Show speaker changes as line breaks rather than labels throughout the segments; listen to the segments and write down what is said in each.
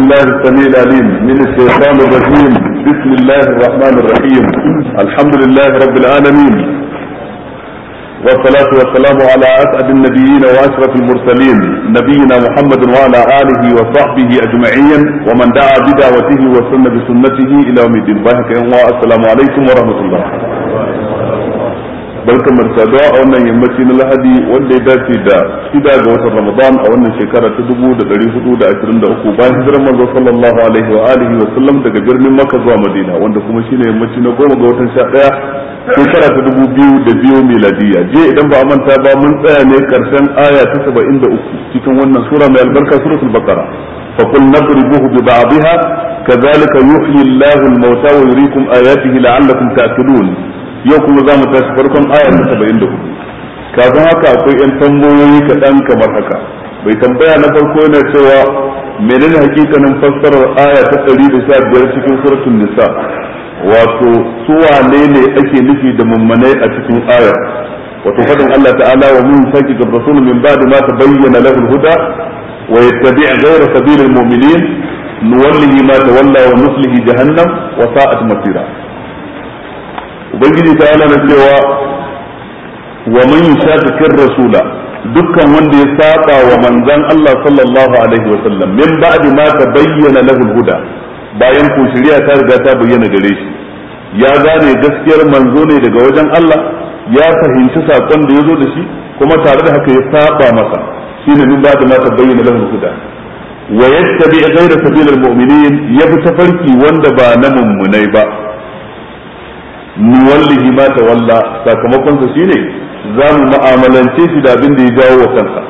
الله السميع العليم من الشيطان الرجيم بسم الله الرحمن الرحيم الحمد لله رب العالمين والصلاة والسلام على أسعد النبيين وأشرف المرسلين نبينا محمد وعلى آله وصحبه أجمعين ومن دعا بدعوته وسن بسنته إلى يوم الدين السلام عليكم ورحمة الله barkan mu da a wannan yammaci na Lahadi wanda ya dace da shida ga watan Ramadan a wannan shekara ta 1423 bayan hijirar manzo sallallahu alaihi wa alihi wa sallam daga birnin Makka zuwa Madina wanda kuma shine yammaci na goma ga watan sha 11 shekara ta 2002 miladiya je idan ba a manta ba mun tsaya ne karshen aya ta uku cikin wannan sura mai albarka suratul baqara fa qul nadribuhu bi ba'dihha كذلك يحيي الله الموتى ويريكم آياته لعلكم تأكلون yau kuma za mu tashi farkon ayar ta saba'in da hudu kafin haka akwai yan tambayoyi kaɗan kamar haka bai tambaya na farko yana cewa menene hakikanin fassarar aya ta ɗari da sha biyar cikin suratun nisa wato su wane ne ake nufi da mummanai a cikin ayar wato faɗin Allah ta'ala wa mun saki ga rasul min ba'di ma tabayyana lahu al-huda wa yattabi' ghayra sabilil mu'minin nuwallihi ma tawalla wa nuslihi jahannam wa sa'at masira ubangiji ta yana cewa wa man yushaqiqir rasula dukkan wanda ya saba wa manzon Allah sallallahu alaihi wa sallam min ba'di ma tabayyana lahu huda bayan ku shari'a ta riga ta bayyana gare shi ya gane gaskiyar manzo ne daga wajen Allah ya fahimci sakon da ya zo da shi kuma tare da haka ya saba masa shine min ba'di ma tabayyana lahu huda wa yattabi ghayra sabilil mu'minin yabi tafarki wanda ba na mummunai ba nuwallihi ma tawalla sakamakon sa shine za mu mu'amalance shi da abin da ya jawo wa kansa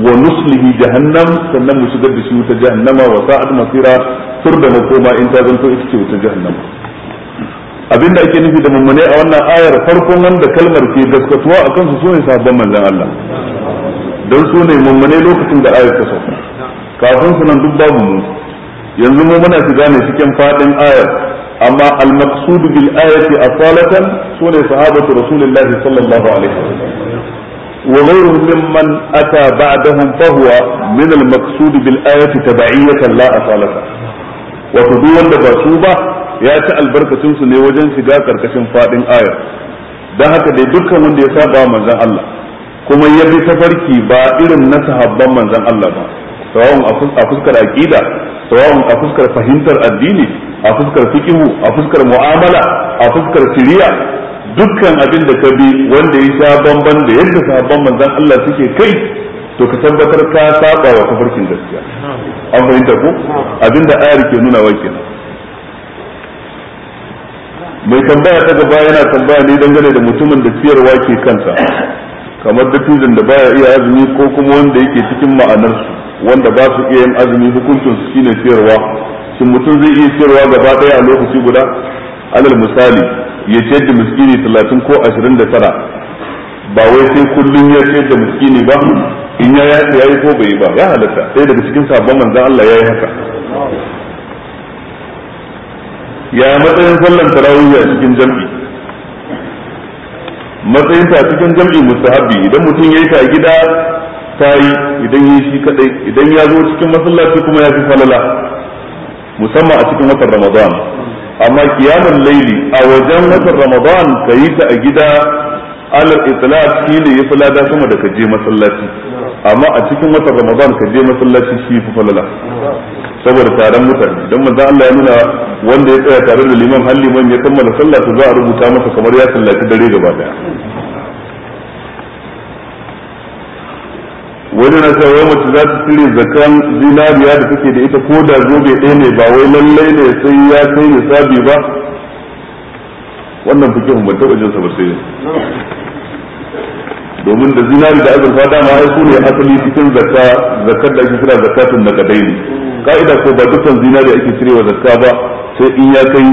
wa nuslihi jahannam sannan mu shigar da shi wuta jahannama wa sa'ad masira tur da makoma in ta zanto ita ce wuta jahannama abinda ake nufi da mummune a wannan ayar farkon wanda kalmar ke gaskatuwa a kansu sune sabon manzon Allah dan su mummune lokacin da ayar ta sauka kafin sunan duk babu mu yanzu mu muna shiga ne cikin fadin ayar amma al-maqsud bil ayati asalatan sune sahabatu rasulullah sallallahu alaihi wasallam wa ghayruhum mimman ata ba'dahum fa huwa min al-maqsud bil ayati tabi'iyatan la asalata wato duk wanda ba su ba ya ci albarkacinsu ne wajen shiga karkashin faɗin ayar dan haka dai dukkan wanda ya saba manzon Allah kuma ya bi tafarki ba irin na sahabban manzon Allah ba sawa'un a fuskar aqida sawa'un a fuskar fahimtar addini a fuskar fikihu a fuskar mu'amala a fuskar siriya dukkan abin da ka bi wanda ya sha bamban da yadda sahabban manzon Allah suke kai to ka tabbatar ka saba wa kafarkin gaskiya an fahimta ko abin da ayar ke nuna wa mai tambaya ta gaba yana tambaya ne dangane da mutumin da siyarwa ke kansa kamar dattijan da baya iya azumi ko kuma wanda yake cikin ma'anarsu wanda ba su iya yin azumi hukuncin su shine siyarwa shin mutum zai iya siyarwa gaba daya a lokaci guda alal misali ya ciyar da miskini talatin ko ashirin da tara ba wai sai kullum ya ciyar da miskini ba in ya ya yi ko bai yi ba ya halatta ɗaya daga cikin sabon manzan Allah ya yi haka ya matsayin sallan tarawih a cikin jam'i matsayin ta cikin jam'i mustahabi idan mutum ya yi ta gida ta yi idan yi shi kadai idan ya zo cikin masallaci kuma ya fi falala musamman a cikin watan ramadan amma kiyamar laili a wajen watan ramadan ka yi ta a gida alal itlaq shi ne ya falada sama da ka je masallaci amma a cikin watan ramadan ka je masallaci shi fi falala saboda taron mutane dan manzo Allah ya nuna wanda ya tsaya tare da liman har liman ya kammala sallah za a rubuta masa kamar ya sallaci dare gaba daya wani na cewa wai mace za ta cire zakan zinariya da take da ita ko da zobe ɗaya ne ba wai lallai ne sai ya kai nisabi ba wannan fikin ban taɓa jinsa ba sai domin da zinari da azurfa dama ai su ne asali cikin zakka zakkar da ake kira zakatun ne ka'ida ko ba dukkan zinari ake cire wa zakka ba sai in ya kai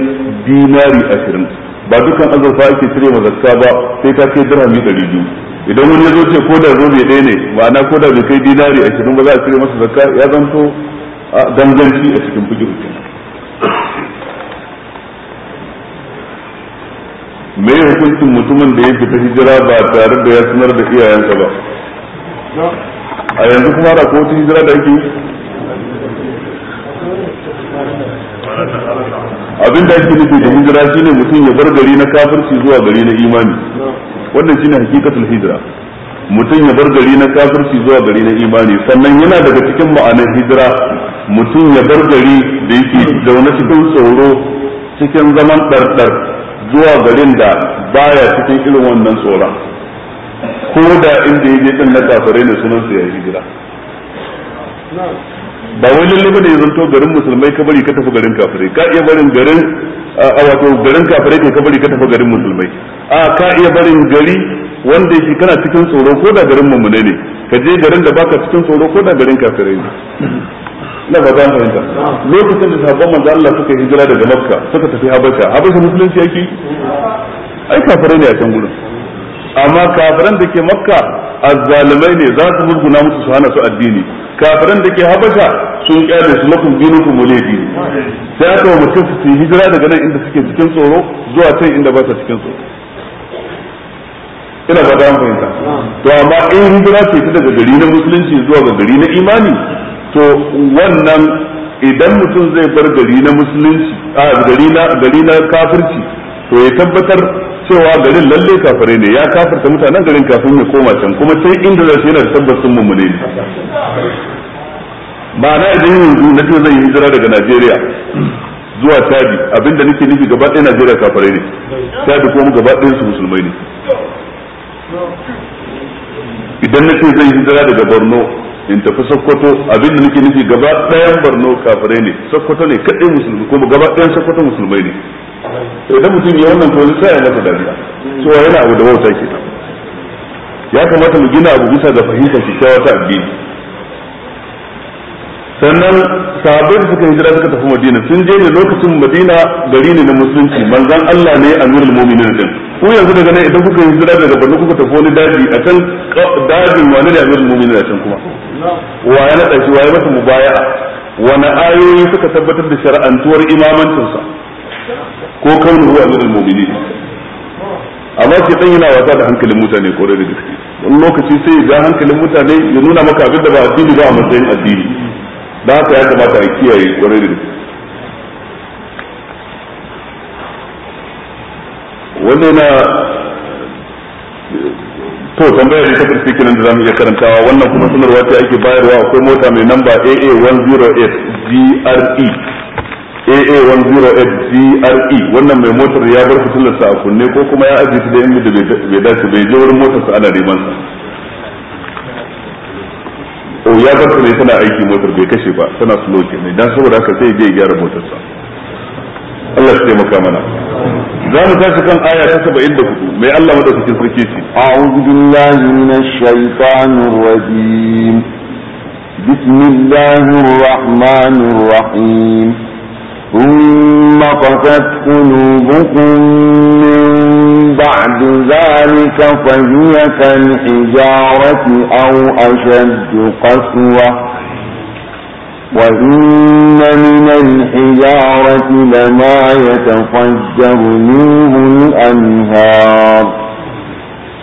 dinari ashirin ba dukkan azurfa ake cire wa zakka ba sai ta kai dirhami ɗari biyu idan wani ya zo ce ko da zobe ɗaya ne ma'ana ko da bai kai dinari a cikin ba za a cire masa zakka ya zanto ganganci a cikin fujiru kenan me ya hukuncin mutumin da ya fita hijira ba tare da ya sanar da iyayensa ba a yanzu kuma da kowace hijira da ake abin da ake nufi da hijira shine mutum ya bar gari na kafirci zuwa gari na imani wannan shine hakikatul hijira mutum ya bar gari na kafirci zuwa gari na imani sannan yana daga cikin ma'anar hijira mutum ya bar gari da yake zaune cikin tsoro cikin zaman ɗarɗar zuwa garin da baya cikin irin wannan tsora ko da inda yake din na kafirai ne sunan su ya hijira ba wai lalle bane yanzu to garin musulmai ka bari ka tafi garin kafirai ka iya barin garin a wato garin kafirai ka bari ka tafi garin musulmai a ka iya barin gari wanda yake kana cikin tsoro ko da garin mu ne ka je garin da baka cikin tsoro ko da garin kafirai ne na ba zan fahimta lokacin da sabon manzo Allah suka hijira daga Makka suka tafi Habasha Habasha musulunci yake ai kafirai ne a can gurin amma kafiran da ke Makka azzalimai ne za su murguna musu su hana su addini kafiran da ke Habasha sun kyale su lakum dinukum walidi sai aka mutum su hijira daga nan inda suke cikin tsoro zuwa can inda ba ta cikin tsoro ina ba an fahimta to amma in hijira ce ta daga gari na musulunci zuwa ga gari na imani to wannan idan mutum zai bar gari na musulunci a gari na gari na kafirci to ya tabbatar cewa garin lalle kafare ne ya kafirta mutanen garin kafin ya koma can kuma sai inda zai yana da tabbacin mummune ne ba na idan yanzu na ce zai hijira daga Najeriya zuwa Chadi abinda nake nufi gaba ɗaya Najeriya kafare ne Chadi kuma gaba ɗaya su musulmai ne idan na ce zai yi hijira daga borno in tafi sokoto abin da nake nufi gaba ɗayan borno kafirai ne sokoto ne kaɗai musulmi kuma gaba ɗayan sokoto musulmai ne idan mutum ya wannan to sai ya masa dariya to yana abu da wauta ke ya kamata mu gina abu bisa da fahimtar kyakkyawa ta addini sannan sahabbai da suka hijira suka tafi madina sun je ne lokacin madina gari ne na musulunci manzan Allah ne amirul mu'minin din ku yanzu daga nan idan kuka hijira daga Borno kuka tafi wani daji a can dajin wani ne amirul mu'minin a can kuma wa ya nada shi wa ya masa mubaya'a wani ayoyi suka tabbatar da shari'antuwar imamancinsa ko kaunu huwa amirul mu'minin amma ke dan yana wasa da hankalin mutane kore da gaske wani lokaci sai ya ga hankalin mutane ya nuna maka abin da ba addini ba a matsayin addini da haka ya kamata a kiyaye kwarai da wanda na to tambayar da ta karfi kenan da zamu iya karantawa wannan kuma sanarwa ce ake bayarwa akwai mota mai namba AA108 GRE AA108 GRE wannan mai motar ya bar fitilarsa a kunne ko kuma ya ajiye ta da inda bai dace bai je wurin motarsa ana neman sa o ya bar ne tana aiki motar bai kashe ba tana slow ke ne dan saboda haka sai ya gyara motar sa Allah ya taimaka mana za mu tashi kan aya ta 74 mai Allah madaukakin sarki ce a'udhu billahi minash
shaitanir rajim bismillahir rahmanir rahim ثم قفت قلوبكم من بعد ذلك فهي كالحجارة أو أشد قسوة وإن من الحجارة لما يتفجر منه الأنهار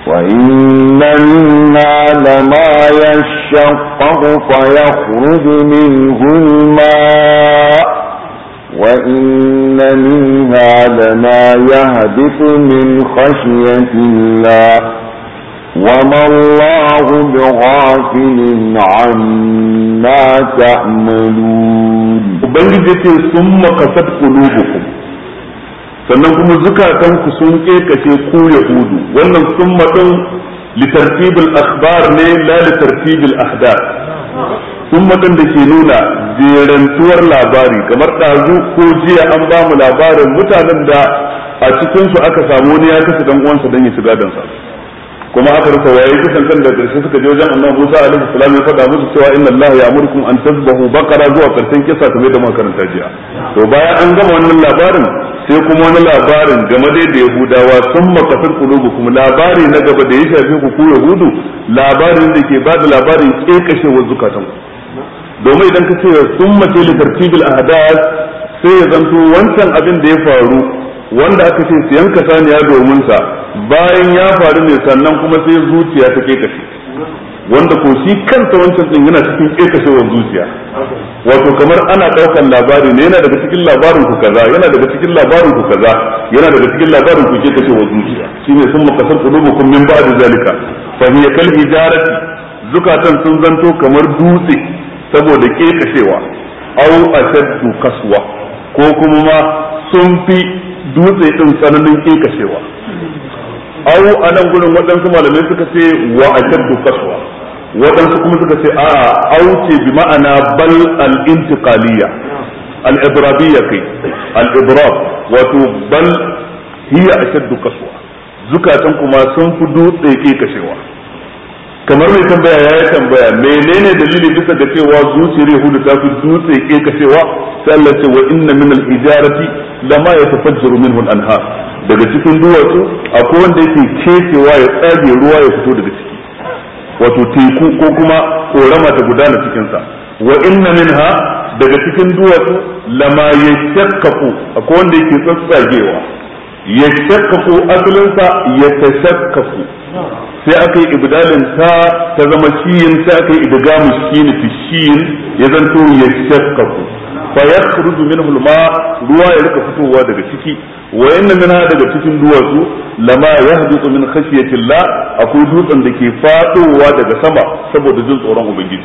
وإن منا لما يشقق فيخرج منه الماء وإن منها لما يهبط من خشية الله وما الله بغافل عما تعملون
وبنجد ثم قصد قلوبكم sannan kuma zukatanku sun kekace ku yahudu wannan summa din litartibul akhbar ne la litartibil ahdath summa din da ke nuna jerantuwar labari kamar ɗazu ko jiya an ba mu labarin mutanen da a cikinsu aka samu wani ya kasa dan uwansa dan ya shiga sa kuma aka rufe waye kisan kan da karshe suka je wajen annabi Musa alaihi salam ya faɗa musu cewa inna Allah ya'murukum an tazbahu baqara zuwa karshen kisa kamar da makaranta jiya to bayan an gama wannan labarin sai kuma wani labarin game da da Yahudawa sun kulubu kuma labari na gaba da ya shafi ku ku Yahudu labarin da ke bada labarin kekashe wa ku. domin idan ka ce sun mace da tartibul ahdath sai ya zanto wancan abin da ya faru wanda aka ce siyan ka saniya domin sa bayan ya faru ne sannan kuma sai zuciya ta kekashe wanda ko shi kanta wancan din yana cikin kekashewar zuciya wato kamar ana daukan labari ne yana daga cikin labarin ku kaza yana daga cikin labarin ku kaza yana daga cikin labarin ku kekashewar zuciya shine sun makasar kun min ba'da zalika fa hiya kal ijarati zukatan sun zanto kamar dutse saboda kirkashewa au ashaddu kaswa ko kuma ma sun fi dutse din tsananin kirkashewa au anan gurin waɗansu malamai suka ce wa ashaddu kaswa waɗansu kuma suka ce a au ce bi ma'ana bal al-intiqaliyya al-ibrabiyya kai al-ibrab wato bal hiya ashaddu kaswa zukatan kuma sun fi dutse kirkashewa kamar mai tambaya ya yi tambaya menene dalili bisa ga cewa zuciyar yahudu ta fi dutse ke sallace sai Allah ce wa inna min al-ijarati lama yatafajjaru minhu al anha daga cikin duwatsu akwai wanda yake kecewa ya tsage ruwa ya fito daga ciki wato teku ko kuma korama ta gudana cikinsa sa wa inna minha daga cikin duwatsu lama yashaqqaqu akwai wanda yake tsatsagewa ya shakkafu asalinsa ya tashakkafu sai aka yi ibdalin ta ta zama shiyin sai aka yi idgamu shiyin fi shiyin ya zanto ya shakkafu fa ya yakhruju minhu alma ruwa ya rika fitowa daga ciki wa inna minha daga cikin duwatsu lama yahdutu min khashyati llah akwai dutsen da ke fadowa daga sama saboda jin tsoron ubangiji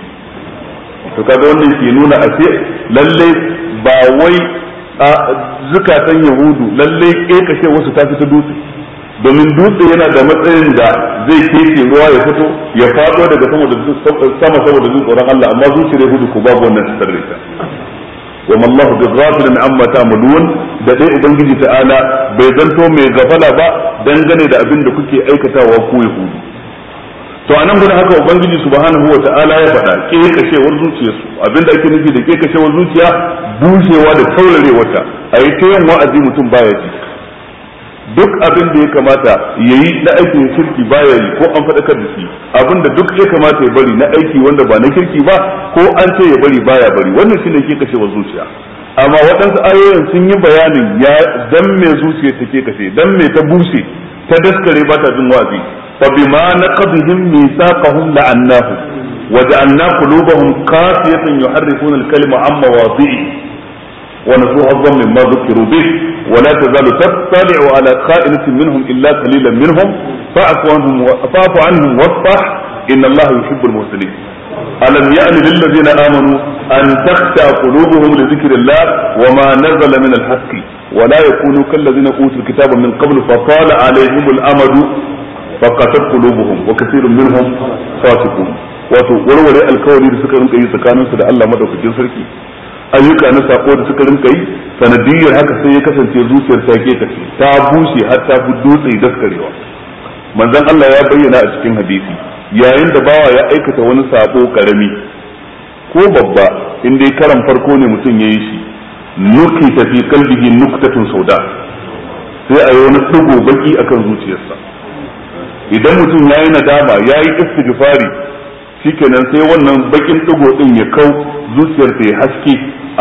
to kaga wannan ke nuna a lallai ba wai zukatan yahudu lalle kekashe wasu ta fita dutse domin dutse yana da matsayin da zai keke ruwa ya fito ya faɗo daga sama da sama saboda jin tsoron Allah amma zuciyar hudu ku babu wannan tsarrika wa mallahu bi ghafilin amma ta'malun da dai ubangiji ta'ala bai zanto mai gafala ba dangane da abin da kuke aikatawa ku yahudu to anan gurin haka ubangiji subhanahu wa ta'ala ya faɗa zuciya zuciyarsu abinda ake nufi da kekashewar zuciya bushewa da taurarewar ta a yi ta yin wa'azi mutum baya ji duk abin da ya kamata ya yi na da kirki baya yi ko an faɗakar da shi abin da duk ya kamata ya bari na aiki wanda ba na kirki ba ko an ce ya bari baya bari wannan shine kashewar zuciya amma waɗansu ayoyin sun yi bayanin ya dan me zuciya take kashe dan me ta bushe ta daskare ba ta jin wa'azi فبما نقضهم ميثاقهم لعناهم وجعلنا قلوبهم قاسية يحرفون الكلمة عن مواضعه ونسوا حظا مما ذكروا به ولا تزال تطلع على خائنة منهم إلا قليلا منهم فاعف عنهم فاعف عنهم واصفح إن الله يحب المرسلين ألم يأن للذين آمنوا أن تخشع قلوبهم لذكر الله وما نزل من الحق ولا يكونوا كالذين أوتوا الكتاب من قبل فطال عليهم الأمد faqatat qulubuhum wa kathirun minhum fasiqun wato warware alkawari da suka rinka yi tsakanin su da Allah madaukakin sarki ayyuka na sako da suka rinka yi sanadiyar haka sai ya kasance zuciyar ta ke kace ta bushe har ta fi dutse daskarewa manzon Allah ya bayyana a cikin hadisi yayin da bawa ya aikata wani sako karami ko babba in dai karan farko ne mutum ya yi shi nuki tafi fi kalbihi nuktatun sauda sai a yi wani ɗigo baki akan zuciyarsa idan mutum ya yi nadama ya yi yayi istighfari shikenan sai wannan bakin digo din ya kau zuciyar ta haske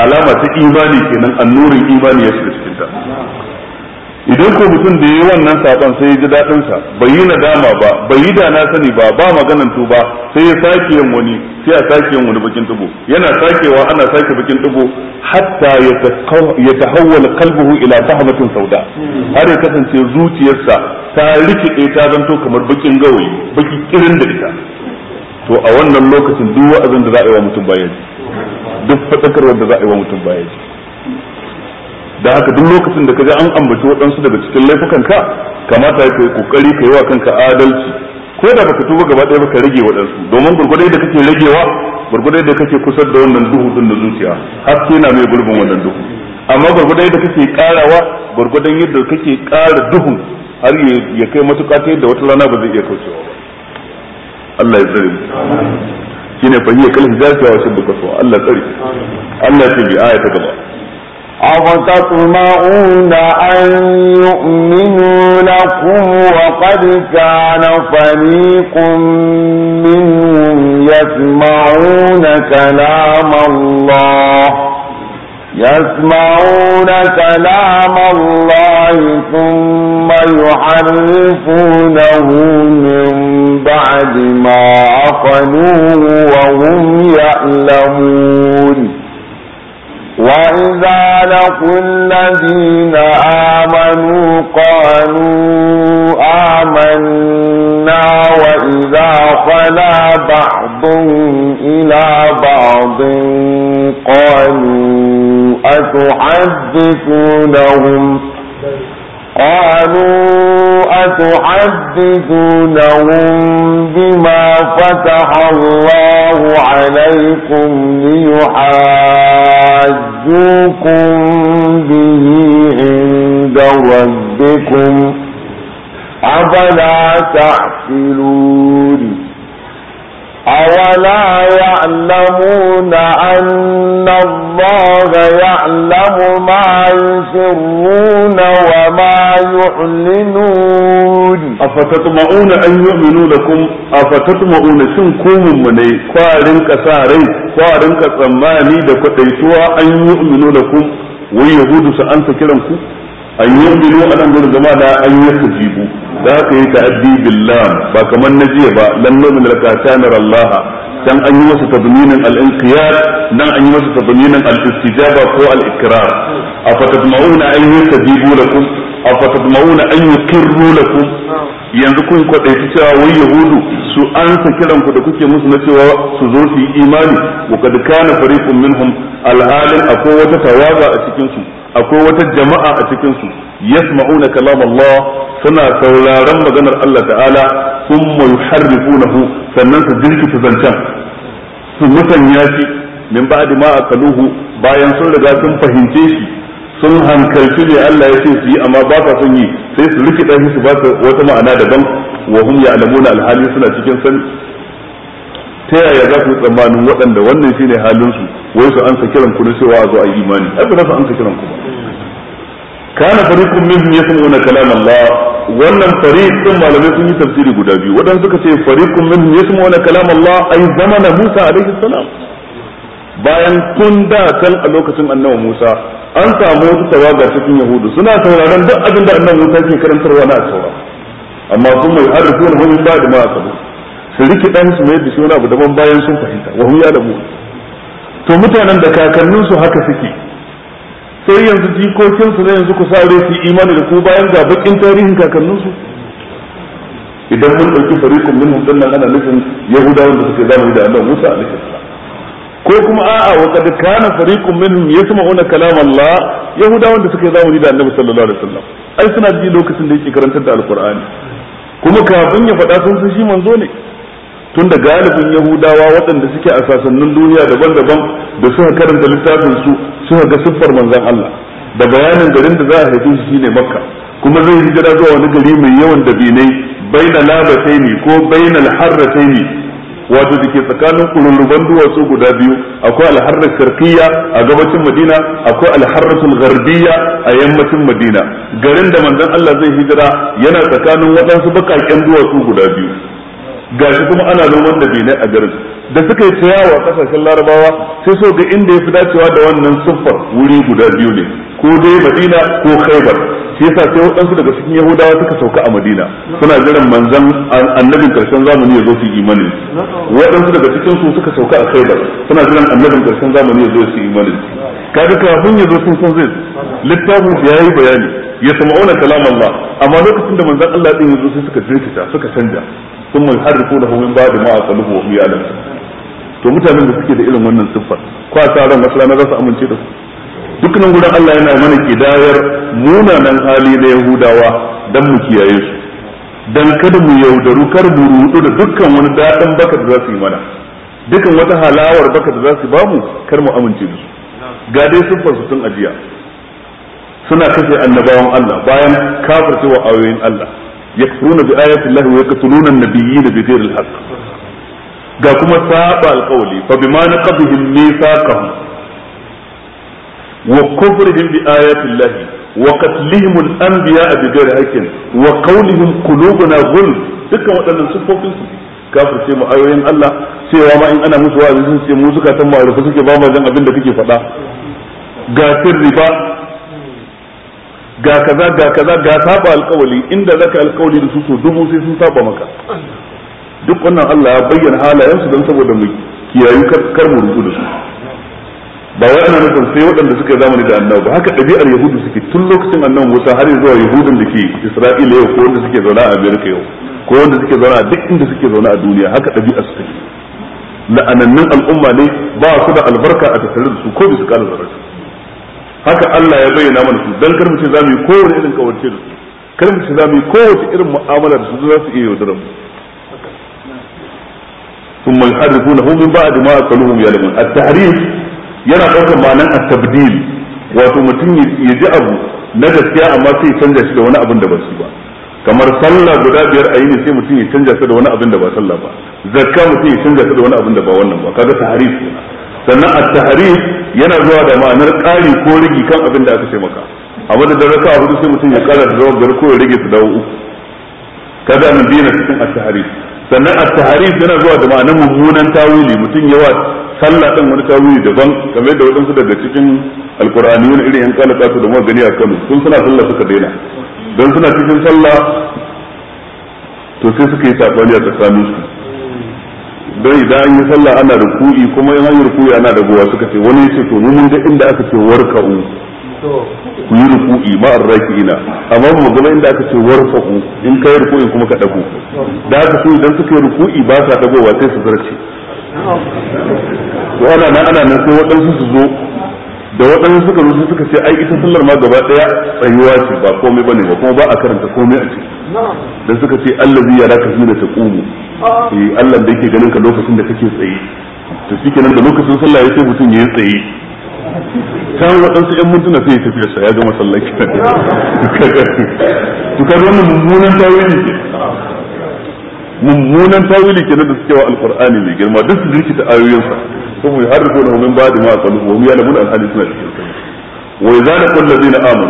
alama ta imani kenan annurin imani ya shiga cikin ta idan ko mutum da yi wannan saƙon sai ya ji daɗinsa sa bai yi nadama ba bai yi da na sani ba ba maganan ba sai ya sake yin wani sai a sake yin wani bakin tubo yana sakewa ana sake bakin tubo hatta ya tahawwala kalbuhu ila fahmatin sauda har ya kasance zuciyarsa ta rikide ta zanto kamar bakin gawayi baki kirin da ita to a wannan lokacin duk wa'azin da za a yi wa mutum baya duk fadakarwar da za a yi wa mutum baya da haka duk lokacin da ka ji an ambaci waɗansu daga cikin laifukan ka kamata ka yi kokari ka yi wa kanka adalci ko da baka tuba gaba ɗaya baka rage waɗansu domin gurgurai da kake ragewa gurgurai da kake kusa da wannan duhu din da zuciya sai na mai gurbin wannan duhu amma gurgurai da kake karawa gurgurai yadda kake kara duhun har ya kai matuƙa ta yadda wata rana ba zai iya kaucewa ba Allah ya tsare mu shine fahiya kal hijabi wa shibbu kaswa Allah tsare Allah ya ce ayata ta gaba
أفتطمعون أن يؤمنوا لكم وقد كان فريق منهم يسمعون كلام الله يسمعون كلام الله ثم يحرفونه من بعد ما عقلوه وهم يعلمون وإذا لقوا الذين آمنوا قالوا آمنا وإذا خلا بعضهم إلى بعض قالوا أتحدثونهم قالوا أتحدثونهم بما فتح الله عليكم ليحاجوكم به عند ربكم أفلا تعقلون أولا يعلمون أن الله يعلم ما يسرون وما
يعلنون أفتطمعون أن يؤمنوا لكم أفتطمعون سنكم مني قارن كساري قارن كسماني دكتيتوا أن يؤمنوا لكم ويهود سأنت كرمكم an yunzilu anan zama da an yastajibu da haka yi ta'addi billah ba kamar na jiya ba lan da laka tanar Allah dan an yi masa tadminin al-inqiyad dan an yi masa tadminin al-istijaba ko al-ikrar afa tadma'una an yastajibu lakum afa tadma'una an yuqirru lakum yanzu kun kwadaita cewa wai yahudu su ansa kiran ku da kuke musu na cewa su zo su yi imani wa kad kana fariqun minhum al-halin akwai wata tawaga a cikin su akwai wata jama'a a cikin su yasma'una kalam Allah suna sauraron maganar Allah ta'ala sun thumma yuharrifunahu sannan su jirkita zancen su musanya shi min ba'di ma kaluhu bayan sun riga sun fahimce shi sun hankalci ne Allah ya ce su yi amma ba sa son yi sai su rikita shi su ba wata ma'ana daban wa hum ya'lamuna alhali suna cikin sani ta yaya za ku yi tsammanin waɗanda wannan shine halin wai su ansa kiran ku na cewa a zo a yi imani ai ba za su kiran ku kana fariqun minhum yasma'una kalam Allah wannan fariq din malamai sun yi tafsiri guda biyu waɗanda suka ce fariqun minhum yasma'una kalam Allah ai zamana Musa alaihi salam bayan tun da can a lokacin annabi Musa an samu wasu tawaga cikin Yahudu suna sauraron duk abin da annabi Musa ke karantarwa na saura amma kuma har zuwa mun ba da ma su riki dan su mai da shi wani abu daban bayan sun fahimta wa da mu to mutanen da kakannin su haka suke sai yanzu jikokin su ne yanzu ku sare su imani da ku bayan ga bakin tarihin kakannin su idan mun dauki fariqun minhum nan, ana nufin yahudawan da suke zamani da Allah Musa alaihi salam ko kuma a'a wa kad kana fariqun minhum yasma'una kalam Allah yahudawan da suke zamani da Annabi sallallahu alaihi wasallam ai suna ji lokacin da yake karantar da alqur'ani kuma kafin ya faɗa sun san shi manzo ne Tun tunda galibin yahudawa waɗanda suke a sasannin duniya daban-daban da suka karanta littafin su suka ga siffar manzon Allah da bayanin garin da za a haife shi shine makka kuma zai hijira zuwa wani gari mai yawan dabinai bainal labataini ko bainal harrataini wato da ke tsakanin kururruban duwatsu guda biyu akwai alharrar sharqiyya a gabacin madina akwai alharratul gharbiyya a yammacin madina garin da manzon Allah zai hijira yana tsakanin waɗansu baƙaƙen duwatsu guda biyu gashi kuma ana noman da bene a garin da suka yi ciyawa kasashen larabawa sai so ga inda ya fi dacewa da wannan siffar wuri guda biyu ne ko dai madina ko khaibar shi yasa sai waɗansu daga cikin yahudawa suka sauka a madina suna jiran manzan annabin karshen zamani ya zo su imani waɗansu daga cikin su suka sauka a khaibar suna jiran annabin karshen zamani ya zo su imani kaga kafin ya zo sun san zai littafin ya yi bayani ya sama'una kalam Allah amma lokacin da manzon Allah din ya zo sai suka jirkita suka canja sun mun harrifu da hukumin ba da ma aqaluhu wa iyalan to mutanen da suke da irin wannan siffa ko a ran wasu rana za su amince da su dukkanin gudan Allah yana mana kidayar munanan hali da Yahudawa dan mu kiyaye su dan kada mu yaudaru kar mu rudu da dukkan wani daɗin baka da za su yi mana dukan wata halawar baka da za su bamu kar mu amince da su ga dai siffar su tun ajiya suna kashe annabawan Allah bayan kafircewa ayoyin Allah yakfuruna bi ayati Allah wa yaqtuluna an-nabiyyin bi ghairi al-haqq ga kuma saba alqawli fa bima naqadhihim mithaqahum wa kufrihim bi ayati Allah wa qatlihim al-anbiya bi ghairi haqqin wa qawlihim qulubuna ghulf dukkan waɗannan siffofin su kafirce mu ayoyin Allah cewa ma in ana musu wa'azi sun ce mu suka san ma'arufa suke ba ma zan abin da kake faɗa ga sirri ba ga kaza ga kaza ga saba alkawali inda zaka alkawali da su to dubu sai sun saba maka duk wannan Allah ya bayyana halayensu don saboda mu kiyayu kar mu rubu da su ba wai ana nufin sai waɗanda suka zamani da annabi ba haka ɗabi'ar yahudu suke tun lokacin annabi Musa har zuwa yahudun da ke Isra'ila yau ko wanda suke zaune a Amerika yau ko wanda suke zaune a duk inda suke zaune a duniya haka ɗabi'ar su take la'anannin al'umma ne ba su da albarka a tattare da su ko bi kala kara zarar haka Allah ya bayyana mana su dan karmu ce za mu yi kowace irin kawance da su karmu ce za mu yi kowace irin mu'amala da su za su iya yaudarar mu ثم يحرفونه a saluhu ya أكلوهم a tarihi yana ɗaukar ma'anar a tabdil wato mutum ya ji abu na gaskiya amma sai canza shi da wani abin da ba su ba
kamar sallah guda biyar a
yi ne sai mutum ya canja ta da wani abin da ba sallah ba zakka mutum ya canja ta da wani abin da ba wannan ba kaga tahrif sannan at-tahrif yana zuwa da ma'anar ƙari ko rigi kan abin da aka ce maka a madadin raka'a hudu sai mutum ya ƙara da zuwa garko ya rage su dawo uku kada mu biyu cikin at-tahrif sannan at-tahrif yana zuwa da ma'anar mummunan tawili mutum yawa sallah din wani tawili daban kamar da waɗansu daga cikin alqur'ani wani irin yan kalata da muka gani a Kano sun suna sallah suka daina don suna cikin sallah to sai suka yi saɓani a tsakanin su don idan an yi sallah ana ruku'i kuma in hanyar yi ruku'i ana dagowa suka ce wani ce to mun ga inda aka ce warka'u ku yi ruku'i ma ina amma mu ga inda aka ce warfa'u in kai ruku'i kuma ka dago da aka so idan suka yi ruku'i ba sa dagowa sai su zarce to ana nan ana nan sai waɗansu su zo da waɗansu suka rusu suka ce ai ita sallar ma gaba daya tsayuwa ce ba komai bane ba kuma ba a karanta komai a ciki da suka ce allazi yaraka hina taqumu
eh
Allah da yake ganin ka lokacin da kake tsaye to shikenan da lokacin sallah ya sai mutum ya tsaye kan waɗansu ɗan mutuna sai ya tafi sa ya gama sallar kitan to kaga wannan mummunan tawili mummunan tawili kenan da suke wa alqur'ani mai girma duk su jirkita ayoyinsa kuma yuharrifuna min ba'di ma qalu wa hum ya'lamun al-hali suna cikin kai wa idza laqul ladina amanu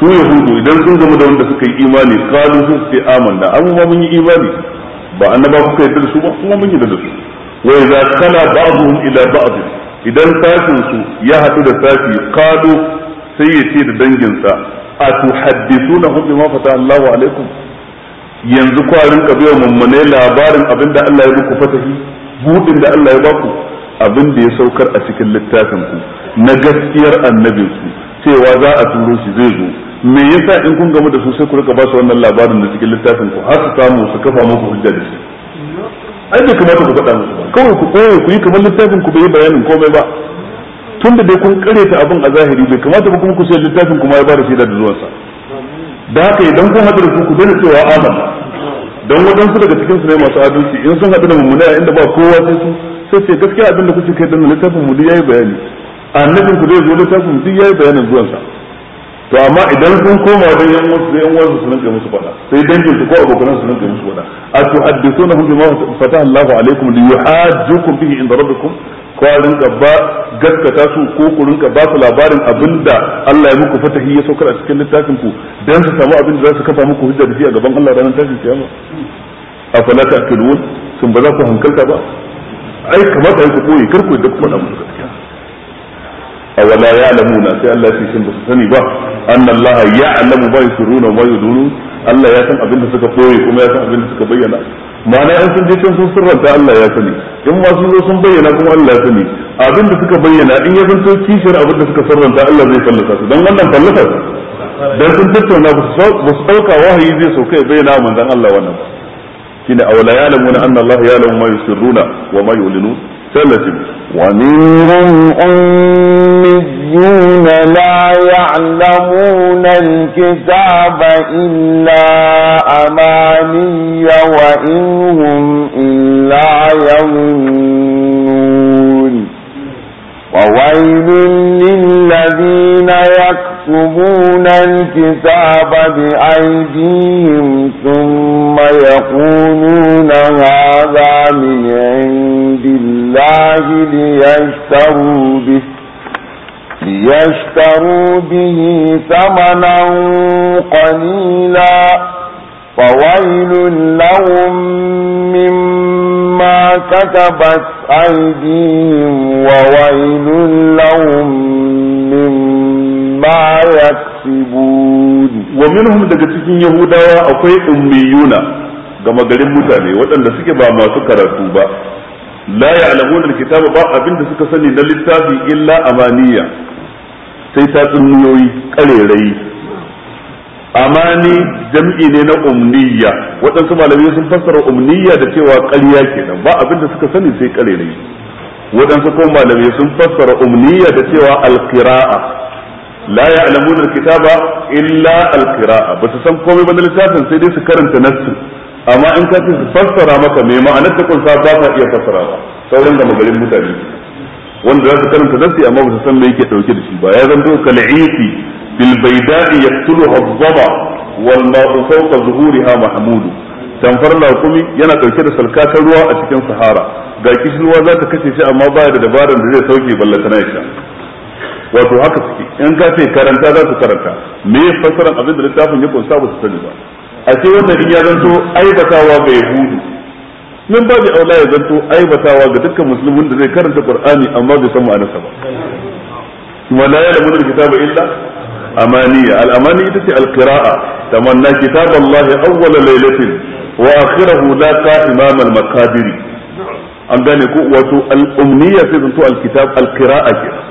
su yahudu idan sun gama da wanda suka yi imani qalu sun ce amanna amma ba mun yi imani ba annaba kuka yarda da su ba kuma mun yarda da su wa idza kala ba'dhum ila ba'd idan sashin su ya hadu da sashi qalu sai ya ce da danginsa atuhaddithunahum bima fataha Allahu alaikum yanzu kwarin ka biyo mummune labarin abin da Allah ya muku fatahi budin da Allah ya baku abin da ya saukar a cikin littafin ku na gaskiyar annabin ku cewa za a turo shi zai zo me yasa in kun gamu da su sai ku rika ba su wannan labarin da cikin littafin ku har su samu su kafa muku hujja da shi ai bai kamata ku faɗa musu ba kawai ku koyo ku yi kamar littafin ku bai yi bayanin komai ba Tunda dai kun ta abin a zahiri bai kamata ba kuma ku sai littafin ma ya ba da shaida da zuwansa da haka idan kun haɗu da su ku daina cewa adam don waɗansu daga cikinsu ne masu adalci in sun haɗu da mummuna a inda ba kowa sai su sai ce gaskiya abin da kuke kai dan littafin mu yayi bayani annabin ku zai zo littafin mu yayi bayanin zuwan sa to amma idan sun koma wajen yan wasu yan wasu su rinka musu faɗa sai dangin su ko abokan su rinka musu fada atuhaddithunahum bima fataha Allahu alaikum liyuhajjukum bihi inda rabbikum ko rinka ba gaskata su ko ku rinka ba su labarin da Allah ya muku fatahi ya saukar a cikin littafin ku dan su samu abin da za su kafa muku hujja da shi a gaban Allah ranar tashin kiyama afala ta'qilun sun ba za ku hankalta ba ai kamata ku koyi kar ku da kuma da mu gaskiya awala ya'lamuna sai Allah ya shin ba su sani ba anna Allah ya'lamu ma yusirruna wa ma Allah ya san abin da suka koyi kuma ya san abin da suka bayyana ma'ana in sun je can sun sirranta Allah ya sani in ma sun zo sun bayyana kuma Allah ya sani abin da suka bayyana in ya zanto kishiyar abin da suka sirranta Allah zai fallasa su dan wannan fallasa dan sun tattauna ba su sauka wahayi zai sauka ya bayyana manzon Allah wannan ba shine awla ya'lamuna anna Allah ya'lamu ma yusirruna wa ma yu'linun ثلاثة ومنهم أميون
لا يعلمون الكتاب إلا أماني وإنهم إلا يظنون وويل للذين يكفرون يكتبون الكتاب بأيديهم ثم يقولون هذا من عند الله ليشتروا به ليشتروا به ثمنا قليلا فويل لهم مما كتبت أيديهم وويل لهم
مما ما يكسبون ومنهم daga cikin yahudawa akwai ummiyuna gama garin mutane waɗanda suke ba masu karatu ba la ya'lamun alkitab ba abinda suka sani na littafi illa amaniya sai ta tsunniyoyi karerai amani jam'i ne na umniya waɗansu malamai sun fassara umniya da cewa ƙarya kenan ba abinda suka sani sai karerai waɗansu kuma malamai sun fassara umniya da cewa alqira'a la ya'lamuna alkitaba illa alqira'a ba su san komai ba na littafin sai dai su karanta nassin amma in ka ce su fassara maka me ma'anar ta kunsa ba ka iya fassara ba sauran da magarin mutane wanda za su karanta nassi amma ba su san me yake dauke da shi ba ya zanto kal'isi bil bayda'i yaqtuluha adh-dhaba wal ma'u fawqa zuhuriha mahmud tamfar lakumi yana dauke da salkatar ruwa a cikin sahara ga kishin ruwa za ta kashe shi amma baya da dabaran da zai sauke ballatana ya wato haka suke in ka ce karanta za su karanta me fassara abin da littafin ya kunsa ba su sani ba a ce wannan in ya zanto aibatawa ga yahudu min ba da aula ya zanto aibatawa ga dukkan musulmin da zai karanta qur'ani amma bai san sa ba la ya lamu kitaba illa amaniya al amani ita ce al qira'a tamanna kitaballahi awwal laylatin wa akhirahu la ka imam al makabiri an gane ko wato al umniya sai zanto al kitab al qira'a kenan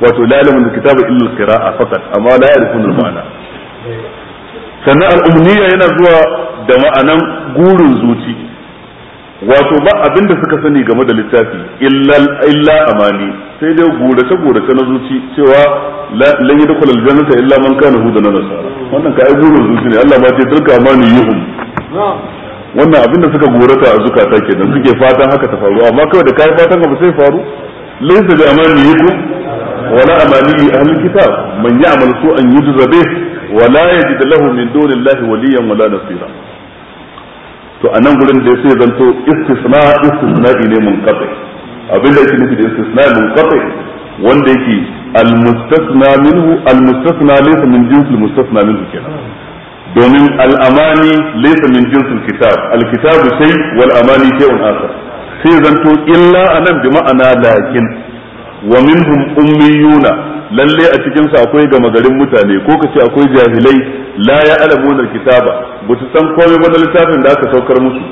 wato la ya'lamu al-kitaba illa al-qira'a faqat amma la ya'rifuna al-ma'ana sannan al-umniya yana zuwa da ma'anan gurin zuci wato ba abin da suka sani game da littafi illa amani sai dai gurace ta na zuci cewa lan yadkhul al-jannata illa man kana hudan nasara wannan kai gurin zuci ne Allah ba ce tilka yuhum wannan abin da suka ta a zukata kenan suke fatan haka ta faru amma kawai da kai fatan ba sai faru laysa bi yuhum ولا أماني أهل الكتاب من يعمل سوءا يجز به ولا يجد له من دون الله وليا ولا نصيرا to anan gurin da sai zanto istisna istisna ne mun kafe abin da yake nufi da istisna mun kafe wanda yake almustasna minhu almustasna laysa min jinsi almustasna minhu kenan domin al'amani laysa min jinsi alkitab alkitab sai wal amani shay'un akhar sai zanto illa anan bi ma'ana lakin wa minhum ummiyuna lalle a cikinsu akwai gama garin mutane ko ka ce akwai jahilai la ya alamuna kitaba ba su san komai ba na littafin da aka saukar musu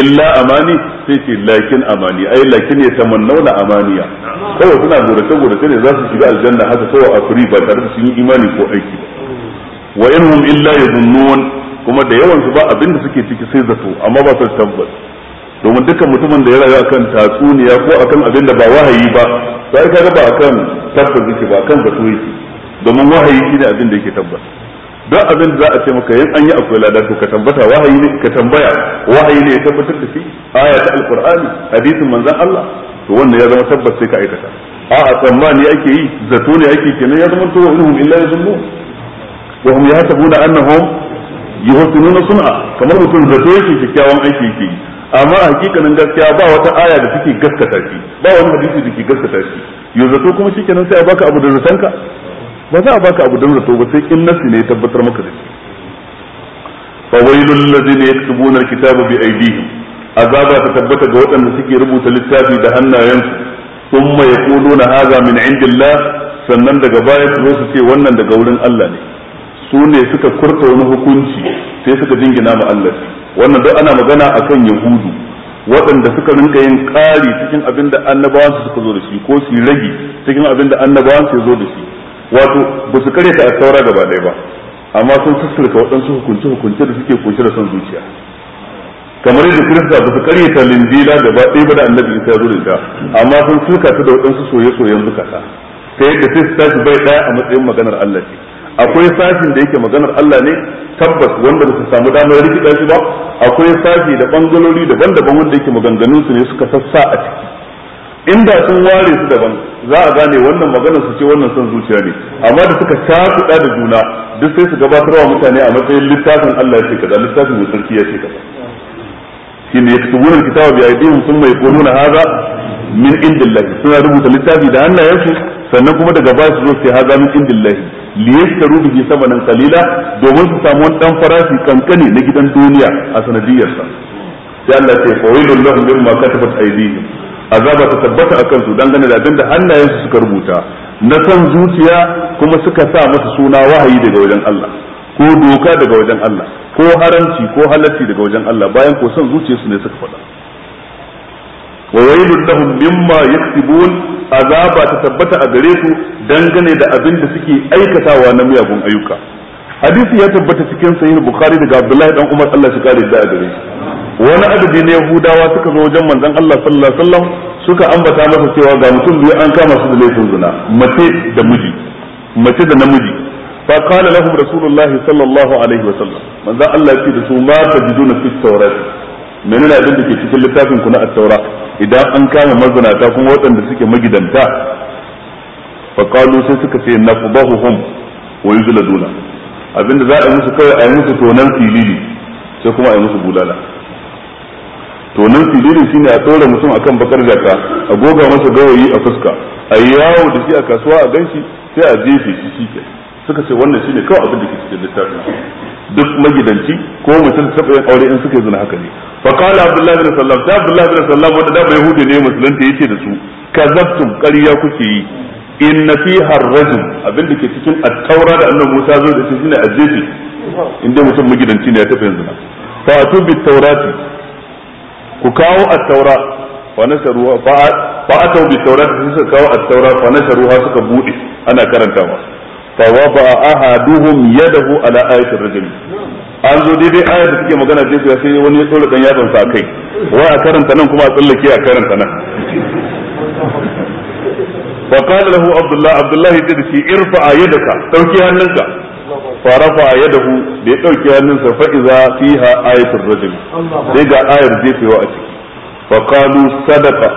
illa amani sai ce lakin amani ai lakin ya tamannauna amaniya kawai suna gurace gurace ne za su shiga aljanna haka kawai a furi ba tare da sun yi imani ko aiki wa inhum illa yadhunnun kuma da yawansu su ba abinda suke ciki sai zato amma ba su tabbas domin dukkan mutumin da ya rayu akan tatsuniya ko akan abin da ba wahayi ba sai ka ba akan tabbas yake ba akan zato yake domin wahayi shine abin da yake tabbas duk abin da za a ce maka yin an yi akwai lada to ka tambata wahayi ne ka tambaya wahayi ne ya tabbatar da shi aya ta alqur'ani hadisin manzon Allah to wannan ya zama tabbas sai ka aikata a'a tsammani ake yi zato ne ake kenan ya zama to wa inhum illa yazunnun wa hum yahtabuna annahum yuhsinuna sun'a kamar mutum zato yake kyakkyawan aiki yake yi amma hakikanin gaskiya ba wata aya da take gaskata shi ba wani hadisi da ke gaskata shi yanzu kuma shikenan sai a baka abu da rusanka ba za a baka abu da rusanka ba sai in nasi ne ya tabbatar maka da shi fa wailul ladina yaktubuna alkitaba bi aydihim azaba ta tabbata ga waɗanda suke rubuta littafi da hannayensu thumma yaquluna hadha min indillah sannan daga baya su zo su ce wannan daga wurin Allah ne su ne suka kurta wani hukunci sai suka jingina ma Allah wannan duk ana magana akan yahudu waɗanda suka rinka yin ƙari cikin abin da annabawan suka zo da shi ko su rage cikin abin da annabawan su zo da shi wato ba su kare ta a saura gaba ɗaya ba amma sun sassarka waɗansu hukunce hukunce da suke kunshe da son zuciya kamar yadda kirista ba su kare ta lindila gaba ɗaya ba da annabi isa ya zo da ita amma sun suka ta da waɗansu soye-soyen bukata ta yadda sai su tashi bai ɗaya a matsayin maganar Allah ce akwai sashin da yake maganar Allah ne tabbas wanda ba su samu damar rikida shi ba akwai sashi da bangalori daban-daban wanda yake maganganun su ne suka sassa a ciki inda sun ware su daban za a gane wannan maganar su ce wannan son zuciya ne amma da suka cakuɗa da juna duk sai su gabatar wa mutane a matsayin littafin Allah ya ce kaza littafin mai sarki ya ce kaza kitabu ya yi bi sun mai yaquluna haza min indillahi suna rubuta littafi da hannayensu sannan kuma daga ba su zo sai haza min indillahi liyashtaru bihi sabanan qalila domin su samu wani dan farashi kankane na gidan duniya a sanadiyar sa sai Allah ya fa wailul lahum mimma katabat aydihim azaba ta tabbata akan su dangane da abinda hannayen su suka rubuta na san zuciya kuma suka sa masa suna wahayi daga wajen Allah ko doka daga wajen Allah ko haramci ko halatti daga wajen Allah bayan ko san zuciyarsu ne suka faɗa وويل لهم مما يكسبون azaba ta tabbata a gare ku dangane da abin da suke aikatawa na miyagun ayyuka hadisi ya tabbata cikin sahih bukhari daga abdullahi dan umar Allah shi kare da gare wani adadi ne yahudawa suka zo wajen manzon Allah sallallahu alaihi wasallam suka ambata masa cewa ga mutum biyu an kama su da laifin zina mace da miji mace da namiji sallallahu alaihi wasallam manzon Allah ya ce da su ma tajiduna fit tawrat menene abin da ke cikin littafin ku na at-taura idan an kama mazinata kuma waɗanda suke magidanta fa sai suka ce naqbahuhum wa yuzladuna abinda za a yi musu kawai a yi musu tonan filili sai kuma a yi musu bulala tonan filili shine a tsora mutum akan bakar jaka a goga masa gawayi a fuska a yawo da shi a kasuwa a ganshi sai a jefe shi ke suka ce wannan shine kawai abin da ke cikin littafin duk magidanci ko mutum ta yin aure in suka yi zina haka ne fa qala abdullahi bin sallam ta abdullahi bin sallam wanda da yahudi ne musulunta yace da su kazabtum ƙarya kuke yi in fiha ar-rajul abinda ke cikin at-taura da annabi Musa zo da shi shine In inda mutum magidanci ne ya taɓa yin zina. fa atu bit taurati ku kawo at-taura fa nasaruha fa fa atu bit suka kawo at-taura fa nasaruha suka bude ana karantawa fa احدهم يده على ala الرجل rajul an zo daidai ayar da suke magana da ya sai wani ya tsora dan yatsan sa kai wa a karanta nan kuma a tsallake a karanta nan wa qala lahu abdullah abdullah ya ce irfa yadaka dauki hannunka fa rafa yadahu da ya dauki hannunsa fa iza fiha ayatul rajul sai ga ayar jefewa a ciki fa qalu sadaqa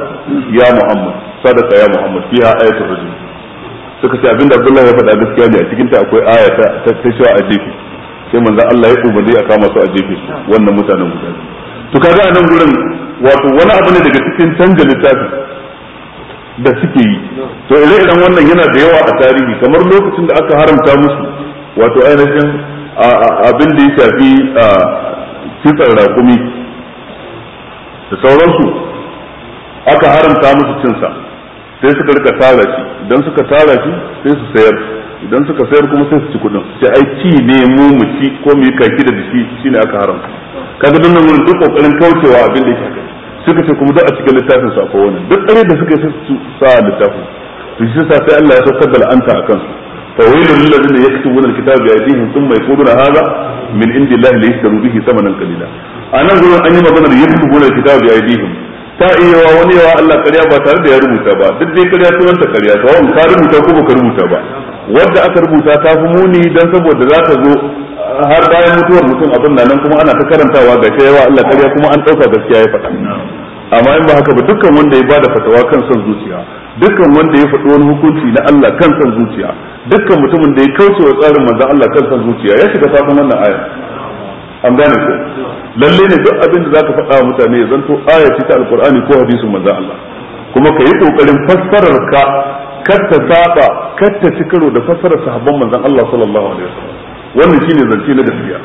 ya muhammad sadaqa ya muhammad fiha ayatul rajul suka ce abinda Abdullahi ya faɗa gaskiya ne a cikin ta akwai aya ta ta shi a jefi sai manzo Allah ya umarni a kama su a jefi wannan mutanen guda to kaga a nan gurin wato wani abu ne daga cikin canja littafi da suke yi to ire iren wannan yana da yawa a tarihi kamar lokacin da aka haramta musu wato ainihin abin da ya shafi a cikin rakumi da sauransu aka haramta musu cinsa sai suka rika tara shi idan suka tara shi sai su sayar idan suka sayar kuma sai su ci kudin sai ai ci ne mu mu ci ko mu yi kaki da shi shine aka haramta kaga dan nan duk kokarin kaucewa abin da yake suka ce kuma duk a cikin littafin su akwai wannan duk tsare da suka yi su sa littafin to shi sa sai Allah ya saukar da la'anta akan su فويل للذين يكتبون الكتاب بأيديهم sama يقولون kalila a nan الله an yi ثمنا قليلا أنا أقول أن يكتبون bi بأيديهم ta iya wa wani yawa Allah ƙarya ba tare da ya rubuta ba duk dai karya sunan ta ƙarya to ka rubuta ko baka rubuta ba wanda aka rubuta ta fi muni dan saboda za ta zo har bayan mutuwar mutum abin nan kuma ana ta karantawa ga yawa Allah ƙarya kuma an ɗauka gaskiya ya faɗa amma in ba haka ba dukkan wanda ya bada fatawa kan son zuciya dukkan wanda ya faɗi wani hukunci na Allah kan son zuciya dukkan mutumin da ya kauce wa tsarin manzon Allah kan son zuciya ya shiga sabon wannan aya an gane ko lalle ne duk abin da zaka faɗa wa mutane ya zanto ayati ta alqur'ani ko hadisin manzo Allah kuma ka yi kokarin fassarar ka katta saba katta ta karo da fassarar sahabban manzon Allah sallallahu alaihi wasallam wannan shine zance na gaskiya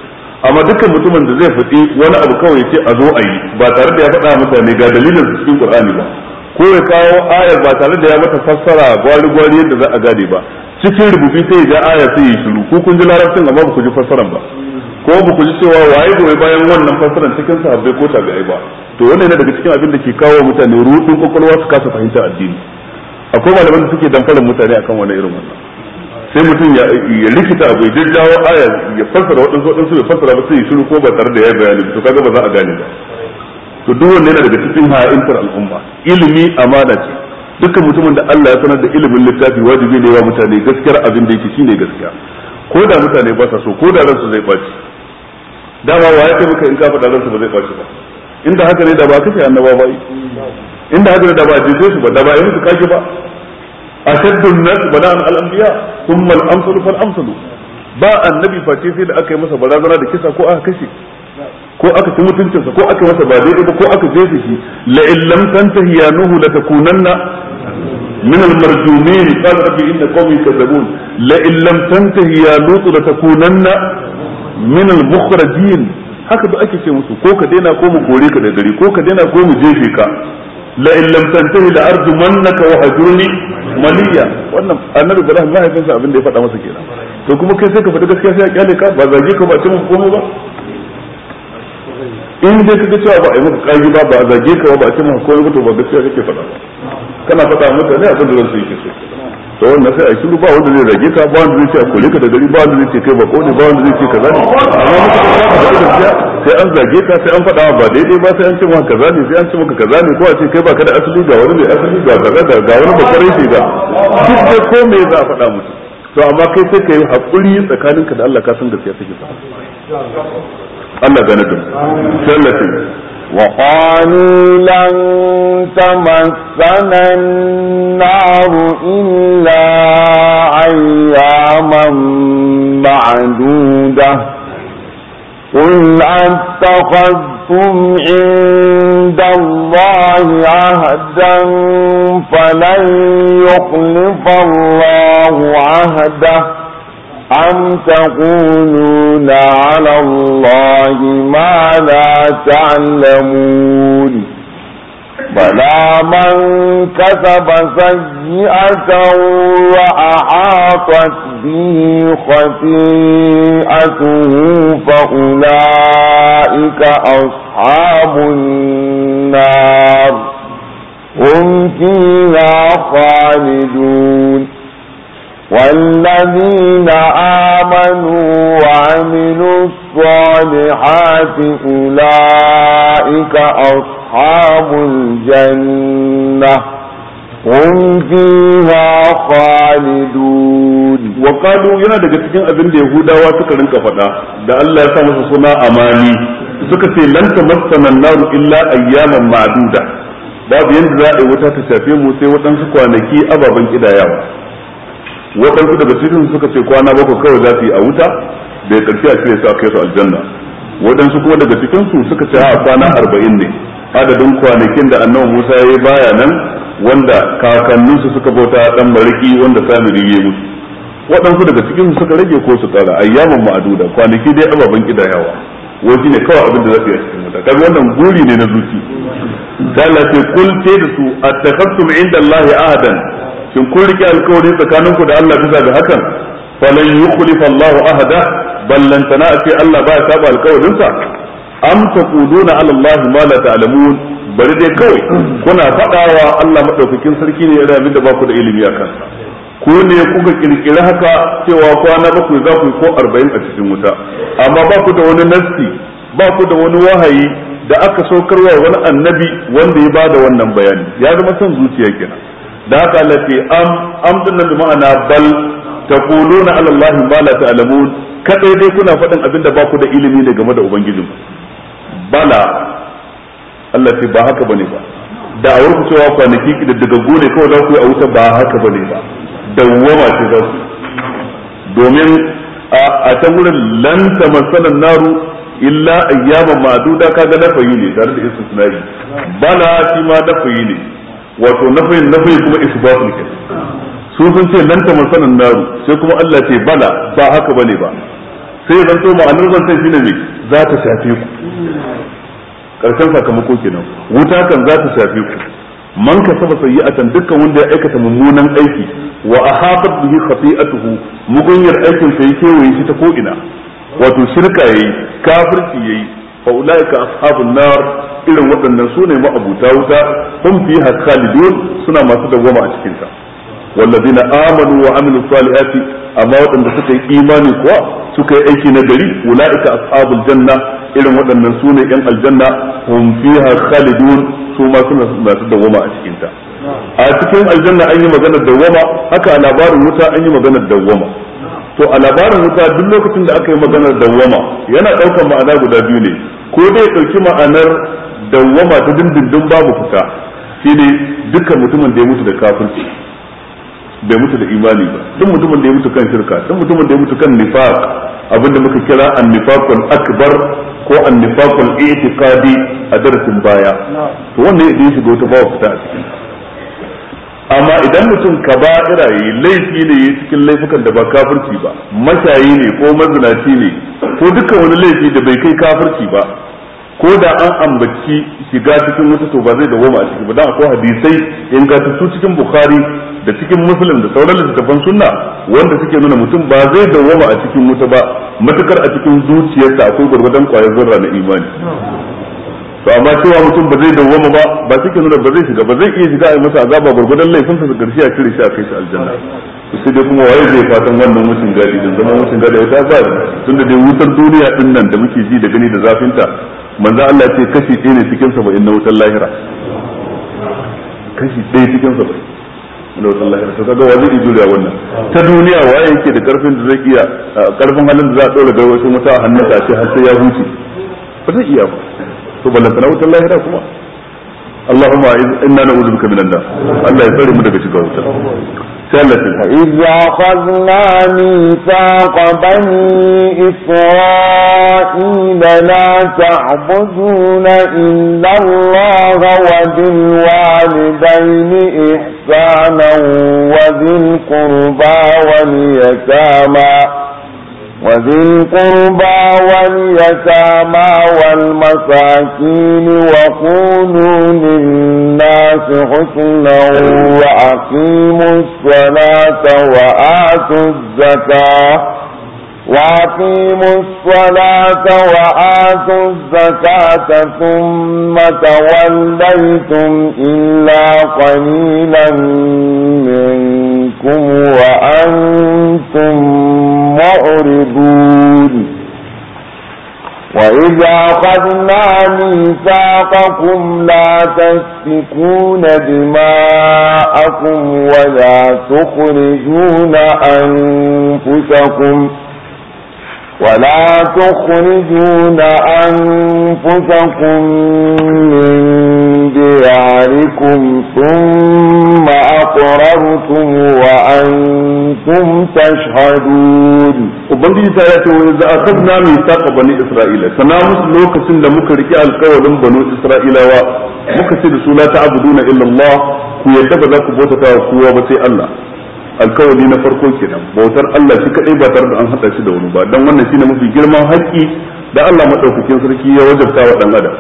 amma dukkan mutumin da zai faɗi wani abu kawai ce a zo a yi ba tare da ya faɗa mutane ga dalilin su cikin qur'ani ba ko ya kawo ayar ba tare da ya mata fassara gwari gwari yadda za a gane ba cikin rubutu sai ya ga aya sai ya shiru ko kun ji larabcin amma ba ku ji fassaran ba ko ba ku ji cewa waye goyi bayan wannan fassarar cikin sahabbai ko tabi'ai ba to wannan yana daga cikin abin da ke kawo mutane rudin kokolwa su kasa fahimta addini akwai malaman da suke dankalin mutane akan wannan irin wannan sai mutum ya likita abu ya dawo aya ya fassara waɗansu waɗansu ya fassara ba sai ya shiru ko ba tare da ya bayani to kaga ba za a gane ba to duk wannan yana daga cikin ha'intar al'umma ilimi amana ce dukkan mutumin da Allah ya sanar da ilimin littafi wajibi ne wa mutane gaskiyar abin da yake shine gaskiya ko da mutane ba sa so ko da ransu zai baci dama wa ya maka in ka faɗa ransa ba zai kwace ba inda haka ne da ba kace annaba ba inda haka ne da ba jefe su ba da ba yi musu ba. A ashaddun nas bala'an al-anbiya thumma al-amsal fal amsal ba annabi face sai da aka yi masa barazana da kisa ko aka kashe ko aka ci mutuncinsa ko aka masa ba daidai ba ko aka jefe shi la in lam tantahi ya nuhu la takunanna min al marjumin qala rabbi inna qawmi kadhabun la in lam tantahi min al-mukhrajin haka da ake ce musu ko ka daina ko mu kore ka da gari ko ka daina ko mu jefe ka la in lam tantahi la ardu mannaka wa hajurni maliya wannan annabi ya mahaifinsa abin da ya faɗa masa kenan to kuma kai sai ka faɗi gaskiya sai ya kyale ka ba zage ka ba ce maka komai ba in dai kaga cewa ba a yi maka kaji ba ba a zage ka ba a ce maka komai ba to ba gaskiya kake faɗa ba kana faɗa mutane abin da zan so yake so to wannan sai a shiru ba wanda zai rage ka ba wanda zai ce a kule ka da gari ba wanda zai ce kai ba kone ba wanda zai ce kaza ne amma mutum ba da gaskiya sai an zage ka sai an faɗa ba daidai ba sai an ce maka kaza ne sai an ce maka kaza ne ko a ce kai ba ka da asali ga wani mai asali ga kaza ga ga wani bakar yake ga duk da ko me za a faɗa musu to amma kai sai kai hakuri tsakaninka da Allah ka san gaskiya take ba Allah gane da
mu sallallahu
وقالوا
لن تمسنا النار إلا أياما معدودة قل أتخذتم عند الله عهدا فلن يخلف الله عهده أم تقولون على الله ما لا تعلمون بلى من كسب سيئة وأحاطت به خطيئته فأولئك أصحاب النار هم فيها خالدون والذين آمنوا وعملوا الصالحات أولئك أصحاب الجنة
هم فيها خالدون وقالوا يا daga cikin abin da ya hudawa suka rinka faɗa da Allah ya sa masa suna amani suka ce lan tamassana an-nar illa ayyaman ma'duda babu yanda za a yi wuta ta shafe mu sai waɗansu kwanaki ababen kidayawa waɗansu daga cikin suka ce kwana bakwai kawai za su yi a wuta da ya karshe a ce su a kai su aljanna waɗansu kuma daga cikin su suka ce a kwana arba'in ne adadin kwanakin da annabi Musa ya yi baya nan wanda kakanninsu suka bauta dan mariki wanda samiri ya mutu waɗansu daga cikin suka rage ko su ƙara ayyaman ma'aduda kwanaki dai ababen kidayawa wani ne kawai abin da za su yi a cikin wuta kaga wannan guri ne na zuci da Allah ce kul ce da su attakhasum inda Allah ahadan shin kun rike alkawari tsakaninku da Allah bisa ga hakan falan yukhlifa Allahu ahada ballantana a ce Allah ba ya saba alkawarinsa am taquluna ala Allah ma la ta'lamun bari dai kawai kuna faɗawa Allah madaukakin sarki ne ya abin da ba ku da ilimi akan ko ne kuka kirkiri haka cewa kwana bakwai za ku yi ko arba'in a cikin wuta amma ba ku da wani nasti, ba ku da wani wahayi da aka saukarwa wani annabi wanda ya bada wannan bayani ya zama son zuciya kenan da haka lati am am dinnan bi ma'ana bal taquluna ala Allah ma la ta'lamun kadai dai kuna faɗin abin da ba ku da ilimi ne game da ubangijin bala Allah ce ba haka bane ba a ku cewa kwanaki da daga gone kawai za ku yi a wuta ba haka bane ba dawwama ce za su domin a can wurin lanta masanan naru illa ayyaman ma'duda kaga nafayi ne tare da sunayi bala shi ma nafayi ne wato nafayin nafayi kuma isbatu ne su sun ce lan ta masanan naru sai kuma Allah ce bala ba haka bane ba sai zan to ma'anar zantan shine me za ta shafe ku karshen sakamako kenan wuta kan za ta shafe ku man kasaba sayyi'atan dukkan wanda ya aikata mummunan aiki wa ahatat bihi khati'atuhu mugunyar aikin sa yake waye shi ta ko ina wato shirka yayi kafirci yayi fa ulaika ashabun nar irin waɗannan su ne ma'abuta wuta sun fiha khalidun suna masu dawwama a cikinta. ta na amanu wa Aminu salihati amma waɗanda suka yi imani kuwa suka yi aiki na gari ulaika ashabul janna irin waɗannan su ne yan aljanna hum fiha khalidun su ma suna masu dawwama a cikin
a
cikin aljanna an yi maganar dawwama haka a labarin wuta an yi maganar dawwama to a labarin wuta duk lokacin da aka yi maganar dawwama yana ɗaukar ma'ana guda biyu ne ko dai ɗauki ma'anar dawwama ta dindindin babu fita shi ne dukkan mutumin da ya mutu da kafirci bai mutu da imani ba duk mutumin da ya mutu kan shirka duk mutumin da ya mutu kan nifaq abinda muka kira annifaqul akbar ko annifaqul i'tiqadi a darasin baya to wannan ya shiga wata babu fita a cikin amma idan mutum ka ba iraye laifi ne yi cikin laifukan da ba kafirci ba mashayi ne ko mazinaci ne ko duka wani laifi da bai kai kafirci ba ko da an ambaci shiga cikin wata to ba zai dawoma a ciki ba dan akwai hadisai in ga su cikin bukhari da cikin muslim da sauran littattafan sunna wanda suke nuna mutum ba zai dawoma a cikin wuta ba matukar a cikin zuciyarsa akwai gurgurdan kwayar zurra na
imani
to amma cewa mutum ba zai dawo ba ba shi ke nuna ba zai shiga ba zai iya shiga a masa azaba gurgudan laifin sa karshe a cire shi a kai shi aljanna to sai dai kuma waye zai fatan wannan mutum gadi din zama mutum gadi wata tun da dai wutar duniya din nan da muke ji da gani da zafin ta manzo Allah ya ce kashi ɗaya ne cikin ba na wutar lahira kashi ɗaya cikin ba inna wutar lahira to kaga wajibi juriya wannan ta duniya waye yake da karfin da zai iya karfin halin da za a dora garwashin wuta a hannunsa a ce har sai ya huce ba zai iya ba to ballantana wutar lahira kuma اللهم إنا نعوذ بك من النار الله يسلم منك شكا وتر إذا أخذنا
ميثاق بني إسرائيل لا تعبدون إلا الله وبالوالدين إحسانا وذي القربى واليتامى وذي القربى واليتامى والمساكين وقولوا للناس حسنا وأقيموا الصلاة وآتوا الزكاة وأقيموا الصلاة وآتوا الزكاة ثم توليتم إلا قليلا منكم وأنتم معرضون وإذا أخذنا ميثاقكم لا تسفكون دماءكم ولا تخرجون أنفسكم ولا تخرجون أنفسكم من دياركم ثم أقررتم وأنتم تشهدون
وبنجي سيأتي إذا أخذنا ميثاق بني إسرائيل سنامس لوكس لمك ركاء القول بنو إسرائيل ومكسد سولا تعبدون إلا الله ويتبذك yadda وقوة za ku alkawari na farko kenan bautar Allah shi kadai ba tare da an hada shi da wani ba dan wannan shine mafi girman haƙƙi da Allah madaukakin sarki ya wajabta wa dan adam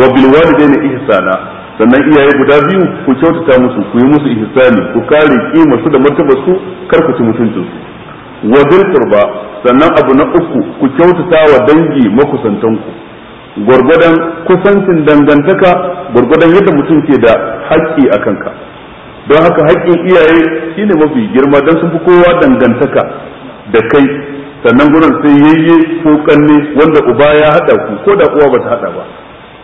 wa bil walidaini ihsana sannan iyaye guda biyu ku kyautata musu ku yi musu ihsani ku kare kima su da martaba su kar ku ci mutuncin su wa qurba sannan abu na uku ku kyautata wa dangi makusantan ku gurgudan kusancin dangantaka gurgudan yadda mutum ke da haƙƙi a kanka don haka haƙƙin iyaye shine mafi girma don sun fi kowa dangantaka da kai sannan gurin sai yayye ko kanne wanda uba ya hada ku ko da uwa bata hada ba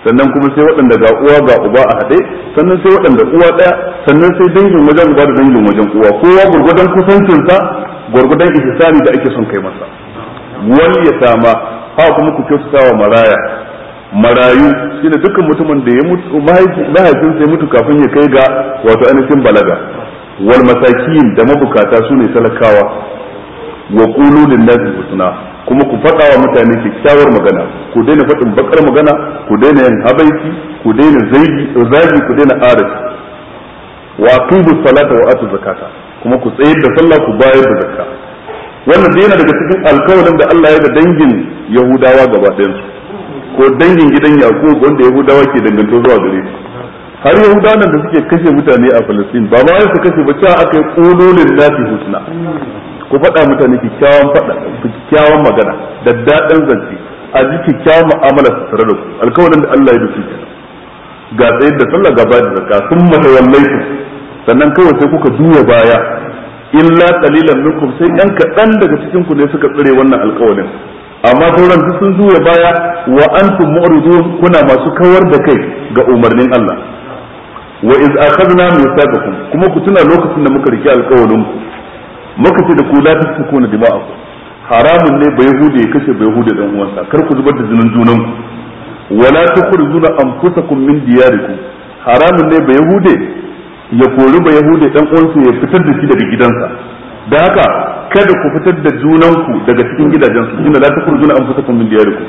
sannan kuma sai waɗanda ga uwa ga uba a haɗe sannan sai waɗanda uwa ɗaya sannan sai dangin wajen uba da dangin wajen uwa kowa gurgudan kusancinsa gurgudan ihsani da ake son kai masa wal yatama ha kuma ku kyautatawa maraya marayu shine dukkan mutumin da ya mutu mahaifin sai mutu kafin ya kai ga wato ainihin balaga wal masakin da mabukata sune talakawa wa qulu lin nas kuma ku faɗa wa mutane kyakkyawar magana ku daina faɗin bakar magana ku daina yin habaiki ku daina zagi zagi ku daina arafi wa aqimu salata wa atu zakata kuma ku tsayar da sallah ku bayar da zakka wannan dai yana daga cikin alkawarin da Allah ya ga dangin Yahudawa gaba ɗayan ko dangin gidan yaqub wanda yahudawa ke danganto zuwa gare har yahudawa nan da suke kashe mutane a falastin ba ma su kashe ba cewa aka yi kololin lafi husna ku faɗa mutane kyakkyawan faɗa kyakkyawan magana da daɗin zance a ji kyakkyawan mu'amala su tare da ku alkawarin da Allah ya dace ga da sallah gaba da zakka sun su sannan kawai sai kuka juya baya illa qalilan minkum sai yan kaɗan daga cikin ku ne suka tsire wannan alkawarin amma sauran su sun zuwa baya wa antum mu'ridun kuna masu kawar da kai ga umarnin Allah wa iz akhadna mithaqakum kuma ku tuna lokacin da muka riki alƙawarin ku muka ce da ku la tasfikuna dima'akum haramun ne bai hude ya kashe bai hude dan uwansa kar ku zubar da jinin junan ku wala tukhrijuna anfusakum min diyarikum haramun ne bai hude ya kori bai hude dan uwansa ya fitar da shi daga gidansa da haka kada ku fitar da junanku daga cikin gidajensu inna la takhruju anfusakum min diyarikum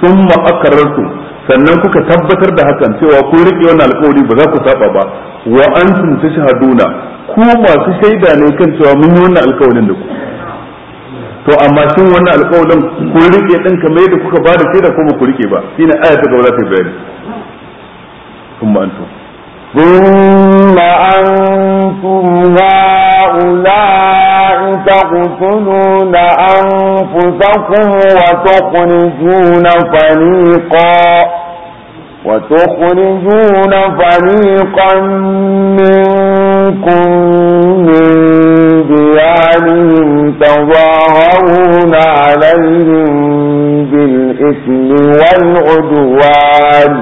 thumma aqrartum sannan kuka tabbatar da hakan cewa ku rike wannan alƙawari ba za ku saba ba wa antum tashhaduna ku masu shaida ne kan cewa mun yi wannan alƙawarin da ku to amma shin wannan alƙawarin ku rike din kamar yadda kuka ba da shaida ko ba ku rike ba shine ayatu gaba za ta bayani thumma antum ثم
أنتم هؤلاء تقتلون أنفسكم وتخرجون فريقا وتخرجون فريقا منكم من ديارهم تظاهرون عليهم بالإثم والعدوان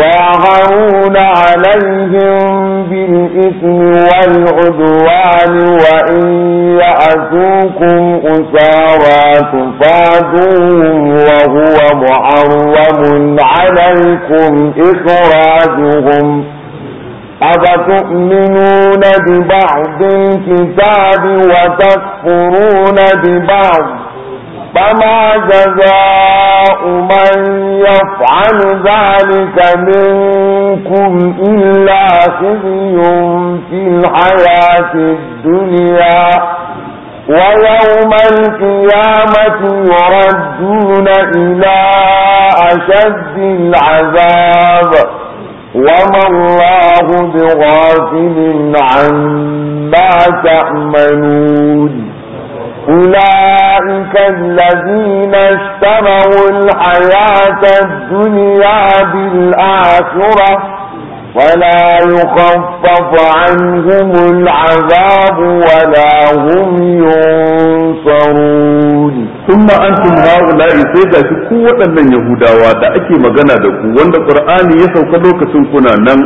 يعغرون عليهم بالإثم والعدوان وإن يأتوكم أسارا تفادوهم وهو محرم عليكم إخراجهم أفتؤمنون ببعض الكتاب وتكفرون ببعض فما جزاء من يفعل ذلك منكم إلا خزي في الحياة الدنيا ويوم القيامة يردون إلى أشد العذاب وما الله بغافل عما تعملون أولئك الذين اشتروا الحياة الدنيا بالآخرة ولا يخفف عنهم العذاب ولا هم
ينصرون ثم أنتم هؤلاء سيدا شكوة من يهودا وادا أكي مغانا دكو واند القرآن يسو لوك سنكونا نم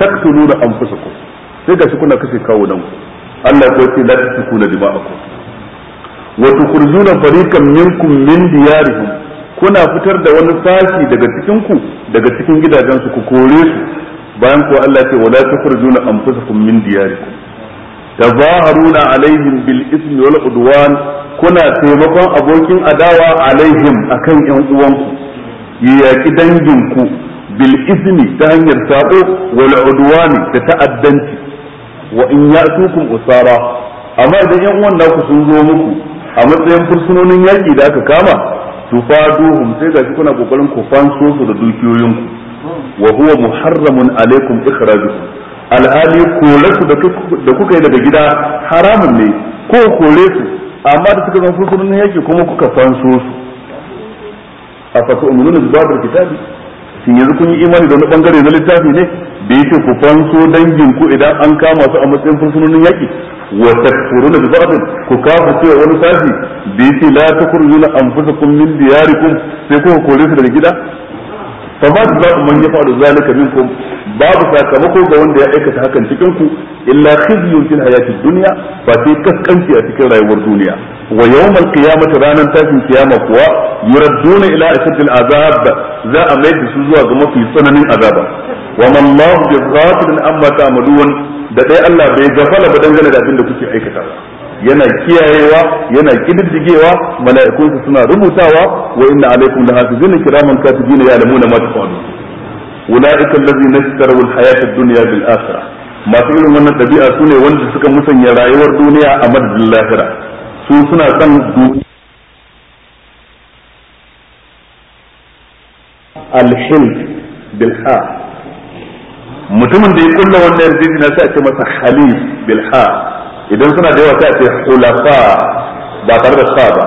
تقتلون أنفسكم سيدا شكونا كسي كاو نم الله يقول لا تسكون دماءكم wa tukhrijuna fariqan minkum min diyarihim kuna fitar da wani sashi daga cikin ku daga cikin gidajensu ku kore su bayan ko Allah ce wala tukhrijuna anfusakum min diyarikum tazaharuna alaihim bil ismi wal udwan kuna taimakon abokin adawa alaihim akan yan uwanku ya yaki ku bil ismi ta hanyar sabo wal udwan da ta'addanci wa in ya'tukum usara amma idan yan uwan naku sun zo muku a matsayin fursunonin yaƙi da aka kama tufaduhum sai gashi kuna kokarin ku fanso su da dukiyoyinku wa huwa muharramun alaikum ikhrajukum alhali korasu da kuka yi daga gida haramun ne ko kore su amma da suka zama fursunonin yaƙi kuma kuka fanso su a fata umarnin da babu kitabi shin yanzu kun yi imani da wani bangare na littafi ne da yake ku fanso danginku idan an kama su a matsayin fursunonin yaƙi wa takfuruna bi ba'd ku kafu ce wani sashi bi la takfuruna anfusakum min diyarikum sai ku kore su daga gida فما جزاء من يفعل ذلك منكم babu sakamako ga wanda ya aikata hakan cikin ku illa khizyun fil hayati dunya fa sai kaskanci a cikin rayuwar duniya wa yawmal qiyamati ranan tashin kiyama kuwa yuradduna ila ashadil azab za a mai da su zuwa ga mafi tsananin azaba wa man Allahu bi ghafilin amma ta'malun da dai Allah bai gafala ba dangane da abin da kuke aikata. yana kiyayewa yana kididdigewa mala'ikunsa suna rubutawa wa inna alaikum lahafizina kiraman katibina ya'lamuna ma tafalun ulaika allazina ishtaraw alhayata ad-dunya bil akhirah masu irin wannan dabi'a sune wanda suka musanya rayuwar duniya a madadin lahira su suna son bil ha mutumin da ya kulla wannan yarjejina sai a ce masa bil ha idan suna da yawa sai a ce hulafa ba tare da sa ba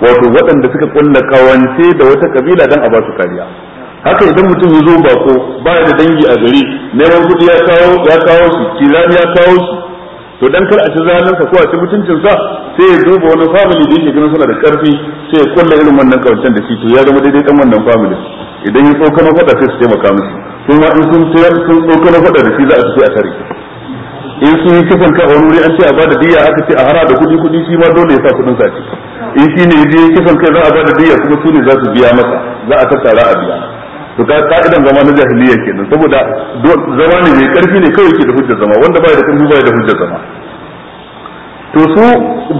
wato waɗanda suka kulla kawance da wata kabila dan a ba su kariya haka idan mutum ya zo bako ba da dangi a gari neman kuɗi ya kawo ya kawo su kirani ya kawo su to dan kar a ci sa ko a ci sa sai ya duba wani family da yake ganin suna da karfi sai ya kulla irin wannan kawancen da shi to ya zama daidai dan wannan family idan ya tsokano faɗa sai su taimaka musu kuma in sun tsokano faɗa da shi za a tafi a tare in sun yi kisan kai a wani wuri an ce a bada diya aka ce a hara da kuɗi kuɗi shi ma dole ya sa kuɗin sace in shi ne je kisan kai za a bada diya kuma su ne za su biya masa za a tattara a biya to ka ka'idan zama na jahiliya kenan saboda zama ne mai karfi ne kai ke da hujjar zama wanda bai da karfi bai da hujjar zama to su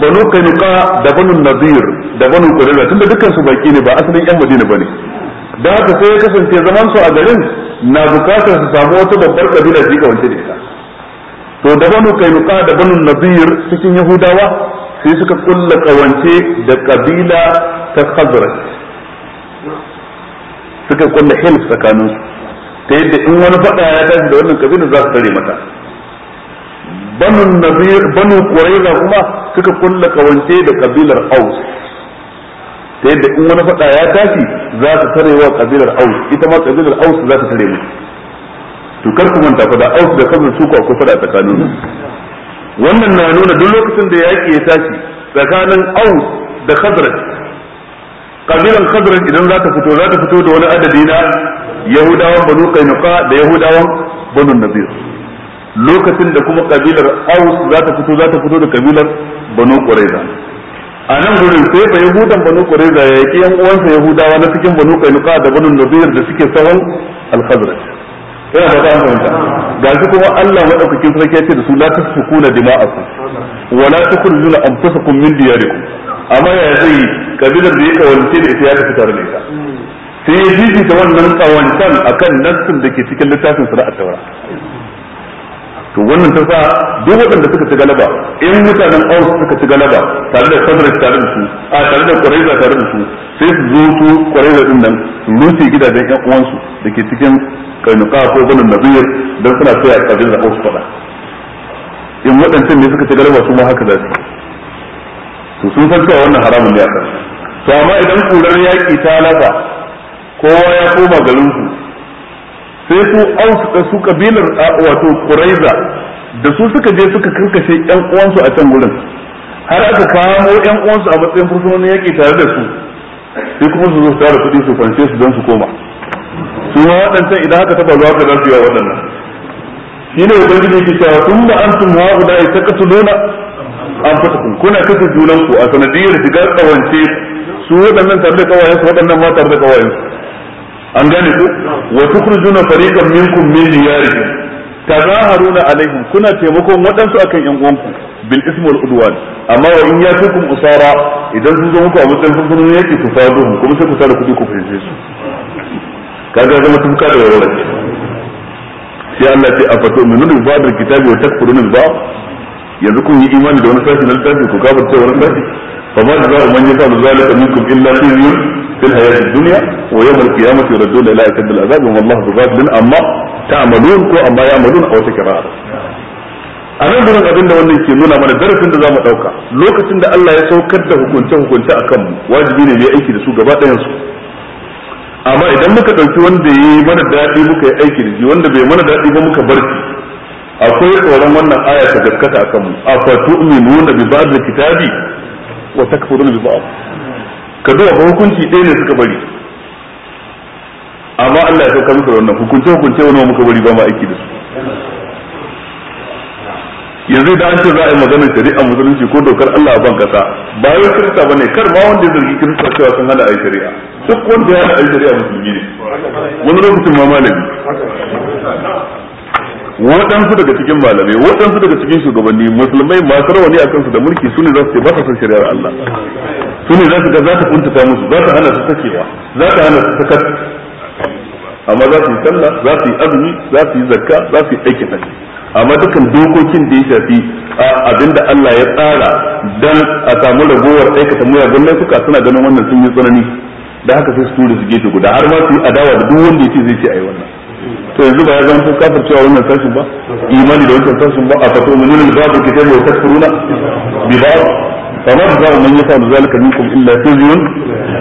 banu kanuka da banu nadir da banu qurayza tunda dukkan su baki ne ba asalin yan madina bane da haka sai ya kasance zaman su a garin na bukatar su samu wata babbar kabila jika wancan da ita to da banu nuka da banu nadir cikin yahudawa sai suka kulla kawance da kabila ta khazraj suka kulla hilf tsakanin ta yadda in wani fada ya tashi da wannan kabila za su tare mata banu nadir banu quraiza kuma suka kulla kawance da kabilar aus ta yadda in wani fada ya tashi za su tare wa kabilar aus ita ma kabilar aus za ta tare mata to kar ku manta fa da aus da kabul su ku fada tsakanin wannan na nuna duk lokacin da yaki ya tashi tsakanin aus da khazraj kabilan khazraj idan za ta fito za ta fito da wani adadi na yahudawan banu qainuqa da yahudawan banu nadir lokacin da kuma kabilar aus za ta fito za ta fito da kabilar banu qurayza a nan gurin sai ba yahudan banu qurayza ya yaki yan uwansa yahudawa na cikin banu qainuqa da banu nadir da suke sahon al-khazraj yana da ta fahimta ga shi kuma Allah madaukakin sarki ya ce da su la tasfikuna dima'akum wa la tukhrijuna anfusakum min diyarikum amma ya zai kabilar da ya kawance da ita ya tafi tare da ita sai ya jiji ta wannan tsawantan akan nassin da ke cikin littafin sura at-taura to wannan ta sa duk waɗanda suka ci galaba in mutanen aus suka ci galaba tare da sadrak tare da su a tare da quraiza tare da su sai su zo su quraiza din nan su lusi gidajen ƴan uwansu da ke cikin kainuka ko banu nabiyir don suna tsaya a kabin da aus faɗa. in waɗancan ne suka ci galaba su ma haka za su to sun san cewa wannan haramun ne a to amma idan ƙurar yaƙi ta lafa kowa ya koma garin sai su aus da su kabilar wato quraiza da su suka je suka karkashe yan uwansu a can gurin har aka kamo yan uwansu a matsayin fursunonin yaki tare da su sai kuma su zo tara kuɗi su fanshe su don su koma su ma waɗancan idan haka taba zuwa ka za su yi waɗannan shi ne ubangiji ke cewa tun ba an tun wa'u da ita ka nuna an fata kun kuna kashe junan ku a sanadiyar shigar tsawance su waɗannan tare da kawayen su waɗannan ma tare da kawayen su an gane ku wa tukhrijuna fariqan minkum min diyarihim tazaharuna alaihim kuna taimakon waɗansu akan yan uwanku bil ism wal udwan amma wa in yatukum usara idan sun zo muku a matsayin fursunan yake ku saduhum kuma sai ku sada kuɗi ku fahimce su kaga zama tun kada warware sai Allah ce afato min nuru ba da kitabi wa takfuruna ba yanzu kun yi imani da wani sashi na littafi ku ce wani sashi فما جزاء من يفعل ذلك منكم إلا خزي في الحياة الدنيا ويوم القيامة يردون إلى أشد العذاب وما الله بغافل أما تعملون كو أما يعملون أو تكرار a nan gurin abin da wannan ke nuna mana darasin da za mu ɗauka lokacin da Allah ya saukar da hukunce-hukunce a kanmu wajibi ne mai aiki da su gaba ɗayansu amma idan muka ɗauki wanda ya yi mana daɗi muka yi aiki da shi wanda bai mana daɗi ba muka bar akwai tsoron wannan aya ta gaskata a kanmu a fatu nuna bi ba'd kitabi wa takfuruna bi ba'd ka duba ba hukunci ɗaya ne suka bari amma Allah ya sauka musu wannan hukunce hukunce wani muka bari ba ma aiki da su yanzu da an ce za a yi magana shari'a musulunci ko dokar Allah ban kasa ba wai kirista bane kar ma wanda ya zargi kirista cewa sun hana a yi shari'a duk wanda ya hada a shari'a musulmi ne wani lokacin ma
malami
waɗansu daga cikin malamai waɗansu daga cikin shugabanni musulmai masu rawani a kansu da mulki su ne za su ce ba sa san shari'ar Allah su ne za su ga za ta kuntata musu za ta hana su sakewa za ta hana su sakat amma za su yi sallah za su yi azumi za su yi zakka za su yi aiki hajji amma dukkan dokokin da ya shafi abinda Allah ya tsara dan a samu ragowar aikata muyagun laifuka suna ganin wannan sun yi tsanani da haka sai su tura su gefe guda har ma su yi adawa da duk wanda ya ce zai ce a yi wannan to yanzu ba ya zama ko kafir cewa wannan sashin ba imani da wannan sashin ba a fato min al babu kitabu mu takfuruna bi ba'd فما جزاء من يفعل ذلك منكم الا خزي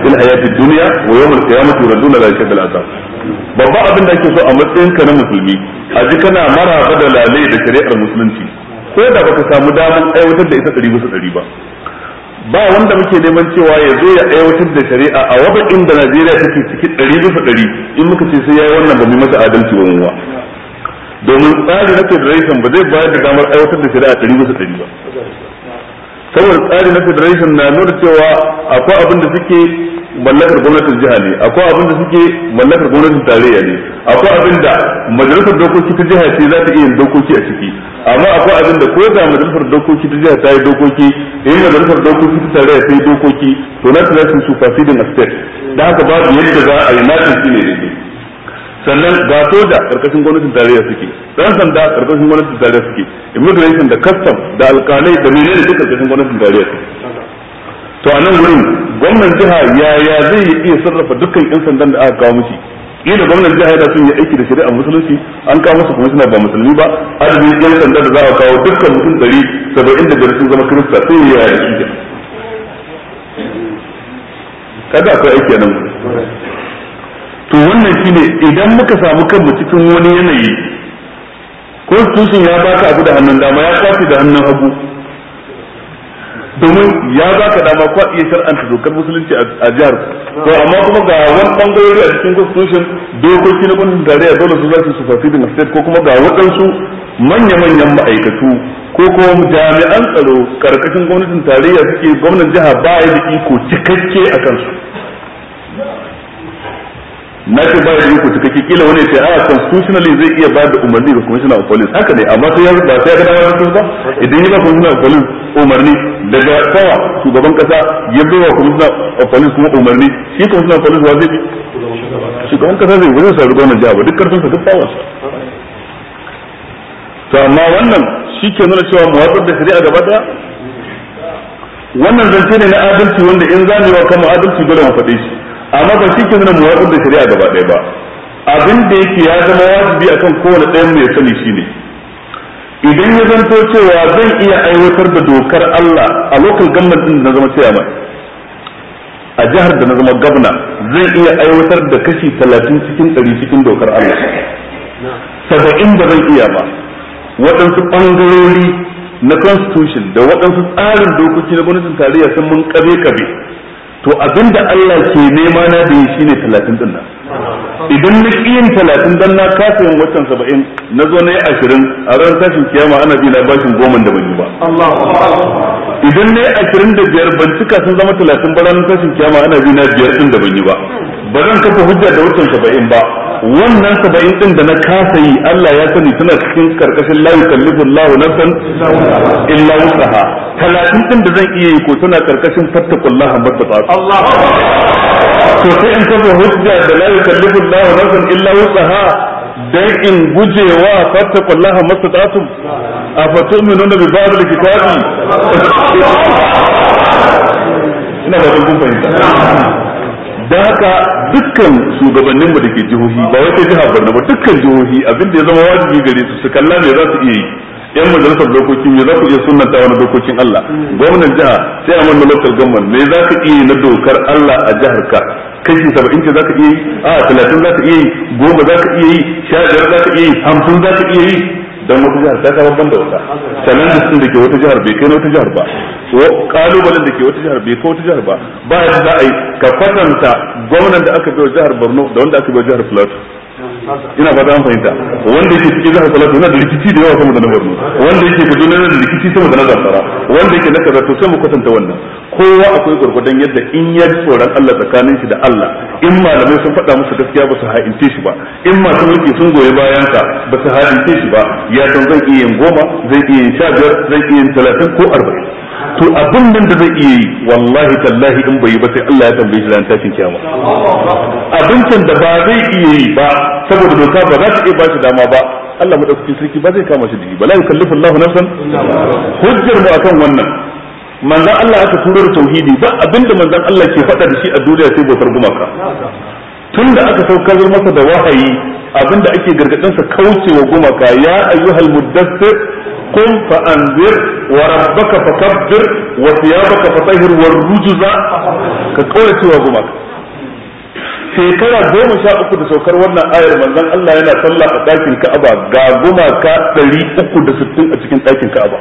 في الحياه الدنيا ويوم القيامه يردون الى اشد العذاب babba abin da ake so a matsayin ka na musulmi a ji kana maraba da lalai da shari'ar musulunci ko da baka samu damar aiwatar da ita ɗari bisa ɗari ba ba wanda muke neman cewa ya zo ya aiwatar da shari'a a wata da Najeriya take cikin ɗari bisa ɗari in muka ce sai ya yi wannan ba mu masa adalci ba mu domin tsari na federation ba zai bayar da damar aiwatar da shari'a ɗari bisa ɗari ba saboda tsari na federation na nuna cewa akwai abin da suke mallakar gwamnatin jiha ne akwai abin da suke mallakar gwamnatin tarayya ne akwai abin da majalisar dokoki ta jiha ce za ta iya dokoki a ciki amma akwai abin da ko da majalisar dokoki ta jiha ta yi dokoki in majalisar dokoki ta tarayya ta yi dokoki to na tsira su fasidin a state da haka babu yadda za a yi matan shi ne daidai sannan ga soja karkashin gwamnatin tarayya suke dan sanda karkashin gwamnatin tarayya suke immigration da custom da alkalai da menene duk karkashin gwamnatin tarayya suke to a nan wurin gwamnan ya ya zai iya sarrafa dukkan yan sandan da aka kawo mishi ina gwamnan jiha yana son ya aiki da shari'a musulunci an kawo musu kuma suna ba musulmi ba adadin yan sandan da za a kawo dukkan mutum ɗari saba'in da sun zama kirista sai ya yi aiki kada ka aiki a nan to wannan shine idan muka samu kanmu cikin wani yanayi constitution ya baka abu da hannun dama ya kwafi da hannun hagu domin ya baka dama ko iya shar'anta dokar musulunci a jihar to amma kuma ga wani bangarori a cikin constitution dokoki na gwamnatin tarayya dole su za su su da state ko kuma ga waɗansu manya-manyan ma'aikatu ko kuma jami'an tsaro karkashin gwamnatin tarayya suke gwamnan jiha ba ya da iko cikakke a kansu na ce ba da iko take kila wani sai a ah, constitutionally zai iya ba da umarni ga commissioner of police haka ne amma sai ya ba sai ga dawo da ba idan ya ba commissioner of police umarni daga sawa shugaban kasa ya bai wa commissioner of police kuma umarni shi commissioner of police wa zai bi shugaban kasa zai wani sa rubuta wannan jawabi duk karfin sa duk power to amma wannan shi ke nuna cewa mu da shari'a gaba daya wannan zance ne na adalci wanda in zamewa kan mu adalci dole mu faɗe shi amma ba shi ke nuna mu watsar da shari'a gaba ɗaya ba abin da yake ya zama wajibi akan kowane ɗayan mai sani shi ne. idan ya zanto cewa zan iya aiwatar da dokar Allah a lokacin gamman din da na zama cewa a jihar da na zama gabna zan iya aiwatar da kashi talatin cikin ɗari cikin dokar Allah saba'in da zan iya ba waɗansu ɓangarori na constitution da waɗansu tsarin dokoki na gwamnatin tarayya sun mun kabe kabe to abinda Allah ke nema na da shine talatin din nan idan na yin talatin dan na kasa yin watan saba'in na zo na yi ashirin a ran tashin kiyama ana bi na bashin goma da banyu ba idan na yi ashirin da biyar ban cika sun zama talatin ba ran tashin kiyama ana bi na biyar din da banyu ba ba zan kafa hujja da watan saba'in ba wannan saba'in din da na kasa yi Allah ya sani tana cikin karkashin la yukallifu Allahu nafsan illa wusaha talatin din da zan iya yi ko tana karkashin fattakullaha mattaqa
tsaro. to sai
in kafa hujja da layu yukallifu Allahu nafsan illa wusaha dan in gujewa fattaqullaha mastata'tum afatu'minuna bi ba'd al-kitabi ina da kun fahimta da haka dukkan shugabannin mu dake jihohi ba wai sai jiha ba dukkan jihohi abin da ya zama wajibi gare su su kalla ne za iya yi yan majalisar dokoki me za ku iya sunanta wani dokokin Allah gwamnan jiha sai a manna local government me za ka iya na dokar Allah a jihar ka kashi saba'in ce za ka iya yi a talatin za ka iya yi goma za ka iya yi sha biyar za ka iya yi hamsin za ka iya yi dan wata jihar ta kawo ban da wata da sun da ke wata jihar bai kai na wata jihar ba ko kalubalen da ke wata jihar bai kai wata jihar ba ba yadda za a yi ka kwatanta gwamnan da aka bai jihar Borno da wanda aka bai jihar Plateau ina fata an fahimta wanda yake cikin zaka salatu yana da rikici da yawa sama da na wanda yake kaduna nan da rikici sama da na zamfara wanda yake na kaza to sai mu kwatanta wannan kowa akwai gurgurdan yadda in ya ji tsoron Allah tsakanin shi da Allah in malamai sun faɗa musu gaskiya ba su ha'ince shi ba in masu mulki sun goyi bayan ka ba su ha'ince shi ba ya san zan iya yin goma zan iya yin sha biyar zan iya yin talatin ko arba'in to abin nan da zai iya yi wallahi tallahi in bai yi ba sai Allah ya tambaye shi ran tashin kiyama
abincin da ba zai iya yi ba
saboda doka ba za ta iya ba shi dama ba Allah madaukakin sarki ba zai kama shi jiki ba la yukallifu Allah nafsan hujjar mu akan wannan manzon Allah aka da tauhidi ba abin da manzon Allah ke faɗa da shi a duniya sai bautar gumaka tun da aka saukar masa da wahayi abinda ake gargadin sa kaucewa gumaka ya ayyuhal muddassir قم فأنذر وربك فكبر وثيابك فطهر والرجز كقولة وغمك shekara goma sha uku da saukar wannan ayar manzon Allah yana sallah a ɗakin Ka'aba ga gumaka ɗari uku da sittin a cikin ɗakin Ka'aba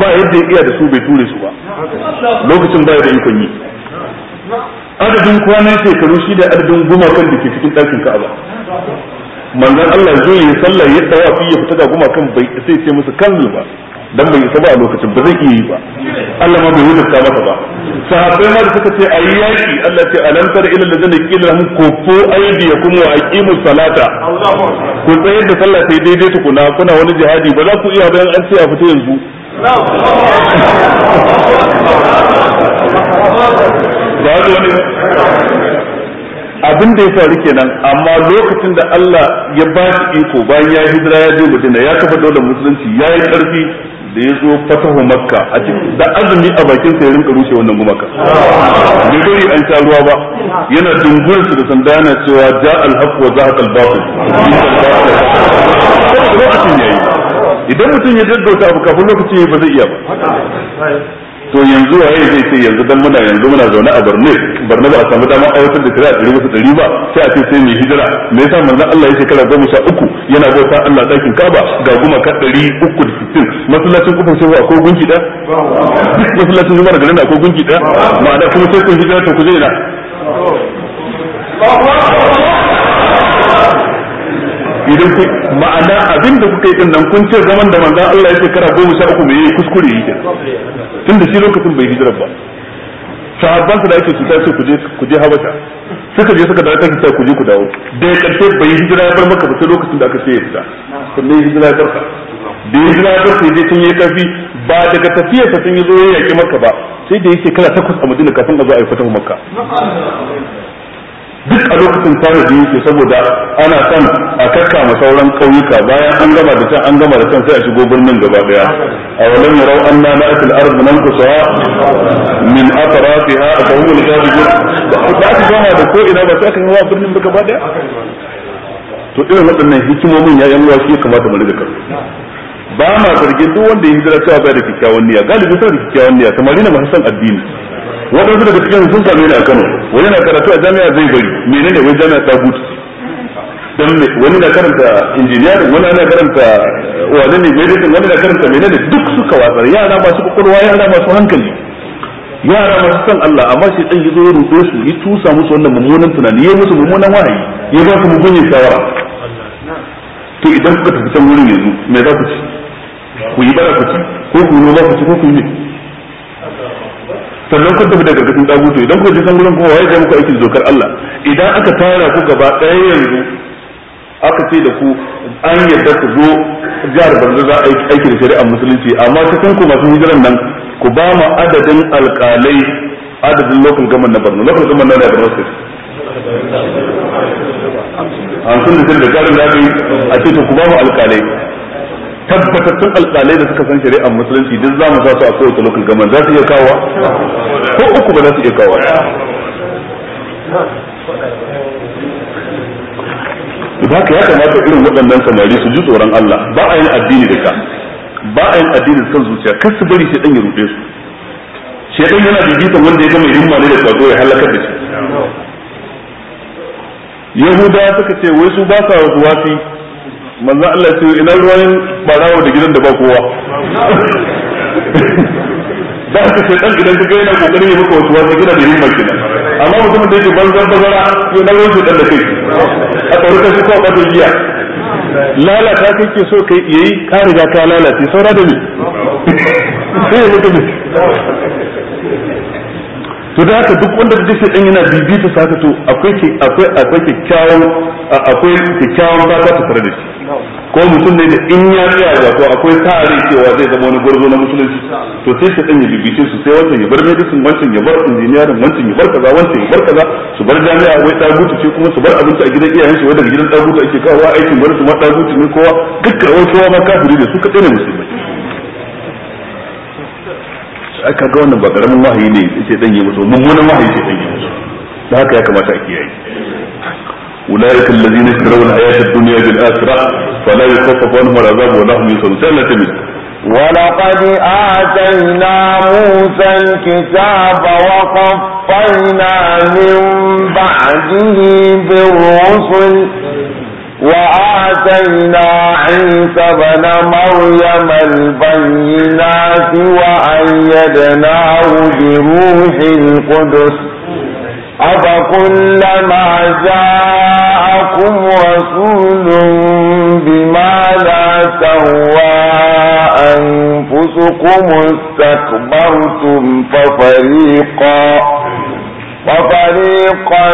ba yadda ya iya da su bai ture su ba lokacin baya da ikon yi adadin kwanan shekaru shi da adadin gumakan da ke cikin ɗakin Ka'aba manzon Allah zai yi sallah ya tsaya fi ya fita da kuma kan bai sai ce musu kanzu ba dan bai isa ba a lokacin ba zai iya yi ba Allah ma bai wulasta masa ba sahabbai ma da suka ce ayi yaki Allah ce alam tar ila ladina qila lahum kufu aydiyakum wa aqimu salata ku tsayar da sallah sai daidai tukuna kuna wani jihadi ba za ku iya bayan an ce a fita yanzu ba wani abin da ya faru kenan amma lokacin da Allah ya ba shi iko bayan ya hijira ya je Madina ya kafa dole musulunci ya yi karfi da ya zo fatahu makka a cikin da azumi a bakin sa ya rinka rushe wannan gumaka bai bari an sha ruwa ba yana dungun su da sanda yana cewa ja al-haq wa za al-batil lokacin yayi idan mutum ya daddauta abu kafin lokaci ba zai iya
ba
to yanzu waye zai ce yanzu dan muna yanzu muna zaune a barne barne ba a samu damar aiwatar da a ɗari wasu ɗari ba sai a ce sai mu hijira me yasa manzon Allah ya shekara goma sha uku yana bauta Allah ɗakin Kaaba ga gumaka ɗari uku da sittin masallacin kufar sai a ko gunki da masallacin zuwa da garin da ko gunki da ma'ana kuma sai ku hijira ta ku je ina idan ku ma'ana abin da kuka yi din nan kun ce zaman da manzon Allah ya kara goma sha uku mai kuskure yake tunda shi lokacin bai hijira ba sahabban su da yake cuta ce ku je ku Habasha suka je suka dawo kanta kuje ku dawo da karshe bai hijira ya bar maka ba sai lokacin da aka ce ya fita sannan hijira ya bar da hijira ya bar ya je tun yi karfi ba daga tafiyarsa sun yi zo ya yaki maka ba sai da yake kala takwas a Madina kafin a zo a yi fatahu makka duk a lokacin fara biyu ke saboda ana son a kakka ma sauran kauyuka bayan an gama da can an gama da can sai a shigo birnin gaba daya a walam yarau anna nan ardu nankusa min atrafiha fa a al-ghalibun ba ta gama da ko ina ba sai aka yi birnin gaba daya to irin waɗannan hikimomin ya yan wasu ya kamata mu da kallo ba ma zargin duk wanda ya hijira cewa bai da kyakkyawan niyya galibi sai da kyakkyawan niyya kamar na masu san addini waɗansu daga cikin sun same ni a Kano wani na karatu a jami'a zai bari menene ne wai jami'a ta gudu dan wani na karanta injiniyar wani na karanta uh, wani ne medicine wani na karanta menene duk suka watsar yara masu kwakwalwa yara masu hankali yara masu san Allah amma shi dan yazo ya rudo su yi tusa musu wannan mummunan tunani ya musu mummunan wahayi ya ba su mugunin shawara to idan kuka tafi can wurin yanzu me za ku ci ku yi bara ku ci ko ku yi ba ku ci ko ku yi sannan kun tafi daga kasin dagutu idan kun je san gurin kuma waye zai muku aikin dokar Allah idan aka tara ku gaba ɗaya yanzu aka ce da ku an yarda ku zo jihar Borno za a aikin shari'a musulunci amma cikin ku masu hijiran nan ku ba mu adadin alƙalai adadin local government na Borno local government na Borno state hamsin da da jarin da a ce to ku ba mu alƙalai tabbatattun alƙalai da suka san shari'ar musulunci duk za mu sa su a kowace lokacin gama za su iya kawo ko uku ba za su iya kawo ba ka ya kamata irin waɗannan samari su ji tsoron Allah ba a yin addini da ka ba a yin addini da kan zuciya kar su bari shedan ya rufe su shedan yana bibitan wanda ya ga mai himma ne da tsaro ya halakar da shi yahuda suka ce wai su ba sa wasi manzo Allah ce ina ruwan barawo da gidan da ba kowa da ka sai dan idan kaga yana kokari ne maka wasu wasu gidan da himmar kina amma mutum da yake banzar bazara to na ruwan dan da kai a da shi ko a ƙasar giya lalata kai ke so kai yayi ka riga ka lalace saura da ni sai mutum to da haka duk wanda da shi din yana bibita sa to akwai akwai akwai kyakkyawan akwai kyakkyawan ba ta tare da shi ko mutum ne da in ya tsaya ga to akwai sa cewa zai zama wani gurzo na musulunci to sai shi ya bibice su sai wancan ya bar medicine wancan ya bar engineering wancan ya bar kaza wancan ya bar kaza su bar jami'a wai dagutu ce kuma su bar abinci a gidan iyayen su wai daga gidan dagutu ake kawo aikin bar su ma dagutu ne kowa dukkan wani kowa ma kafiri da su kadai ne musulmai ai ka ga wannan ba karamin wahayi ne yace dan yi musu mummunan wahayi ce dan yi musu haka ya kamata a kiyaye ulaika allazina yashrawna ayata ad-dunya bil akhirah fala yukhaffafu anhum al-azab wa lahum yusallatun tamim wa
laqad atayna musa al-kitaba wa qaffayna min ba'dihi bi وآتينا عيسى بن مريم البينات وأيدناه بروح القدس أفكلما جاءكم رسول بما لا تهوى أنفسكم استكبرتم ففريقا وفريقا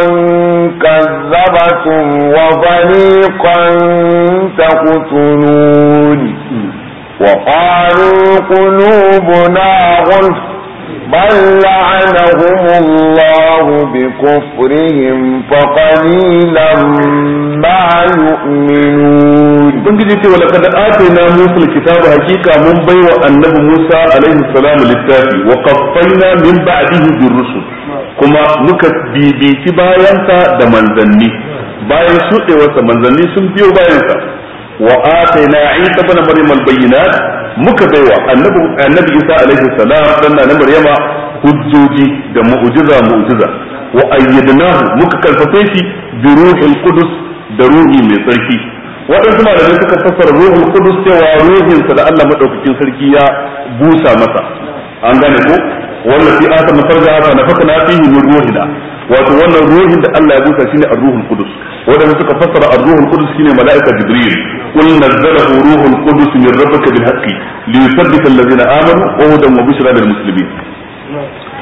كذبتم وفريقا تقتلون وقالوا قلوبنا غلف بل لعنهم الله بكفرهم فقليلا ما
يؤمنون بنجي ولقد آتينا موسى الكتاب حقيقة من بيوى النبي موسى عليه السلام للتافي وقفينا من بعده بالرسل كما نكت بي بي بيبيتي بايانتا دمنزني bayan shuɗewarsa manzanni sun biyo bayansa wa ataina isa bana maryam albayyinat muka baiwa annabi annabi Isa alaihi salam dan nan Maryama hujjoji da mu'jiza mu'jiza wa ayyadnahu muka karfafe shi bi ruhil qudus da ruhi mai tsarki waɗansu malamai suka fassara ruhul qudus cewa ruhinsa da Allah madaukakin sarki ya busa masa an gane ko wannan fi asa mafarja haka na faka na fihi min ruhina wato wannan ruhin da Allah ya busa shine ar-ruhul qudus wadanda suka fassara ar-ruhul qudus shine malaika jibril qul nazzalahu ruhul qudus min rabbika bil haqqi li yuthabbita alladhina amanu wa hudan wa bushra lil muslimin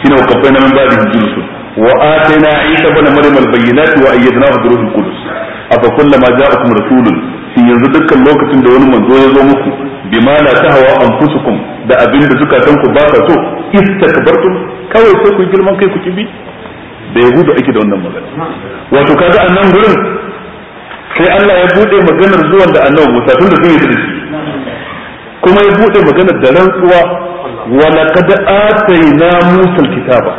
shine wa kafaina min ba'dihi junusun wa atayna isa ibn maryam al bayyinati wa ayyadnahu bi ruhil qudus afa kullama ja'akum rasulun shin yanzu dukkan lokacin da wani manzo ya zo muku bima la tahwa anfusukum da abinda zukatanku ba ka so istakbartum kawai sai ku girman kai ku kibi da yahudu ake da wannan magana wato kaga a nan gurin sai Allah ya bude maganar zuwan da annabi Musa tun da sun yi da shi kuma ya bude maganar da rantsuwa wa laqad atayna Musa alkitaba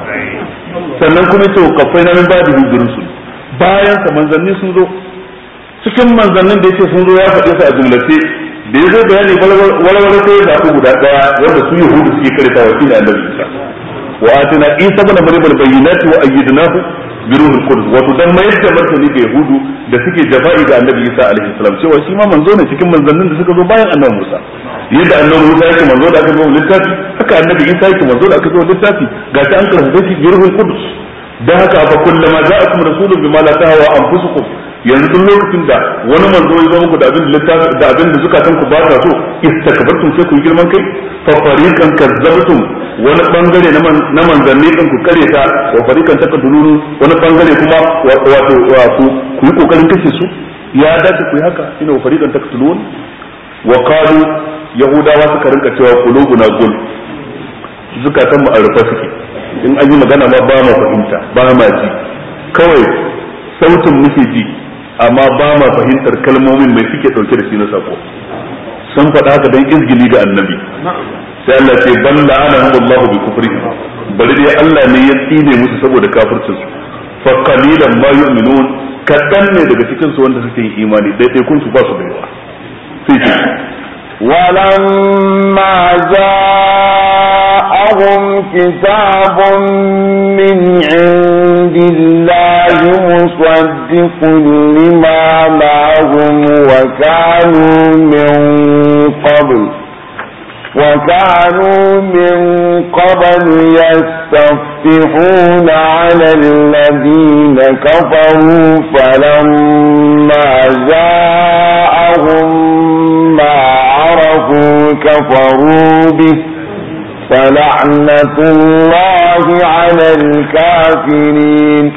sannan kuma to kafai na min ba da su bayan sa manzanni sun zo cikin manzannin da yake sun zo ya faɗi sa a jumlace da ya zo bayani walwala sai ya zaɓi guda ɗaya wanda su yahudu suke karanta wa kina annabi Musa wa atina isa ibn maryam al-bayyinati wa ayyadnahu bi ruhil qudus wato dan mayar da martani ga yahudu da suke jafa'i ga annabi isa alaihi cewa shi ma manzo ne cikin manzannin da suka zo bayan annabi musa yadda annabi musa yake manzo da aka zo littafi haka annabi isa yake manzo da aka zo littafi ga ta an karanta shi bi ruhil qudus dan haka fa kullama ja'akum rasulun bima la tahwa anfusukum yanzu duk lokacin da wani manzo ya zo muku da abin da abin da zukatan ku ba ta so istakbartum sai ku girman kai fa fariqan kazzabtum wani bangare na manzanni din ku kare ta wa fariqan takdurun wani bangare kuma wato wato ku yi kokarin kashe su ya dace ku yi haka ina wa fariqan takdurun wa qalu yahudawa suka rinka cewa qulubuna gul zukatan mu a rufe suke in an yi magana ma ba mu fahimta ba ma ji kawai sautin muke ji amma ba ma fahimtar kalmomin mai suke dauke da shi na sako sun faɗa haka dan izgili ga annabi sai Allah ce ban la'anahu Allah bi kufuri bari dai Allah ne ya tsine musu saboda kafircin su fa qalilan ma yu'minun kadan ne daga cikin su wanda suke yi imani dai kun su ba su da yawa sai ce ولما
جاءهم كتاب من بالله مصدق لما معهم وكانوا من قبل وكانوا من قبل يستفتحون على الذين كفروا فلما جاءهم ما عرفوا كفروا به فلعنة الله الله على الكافرين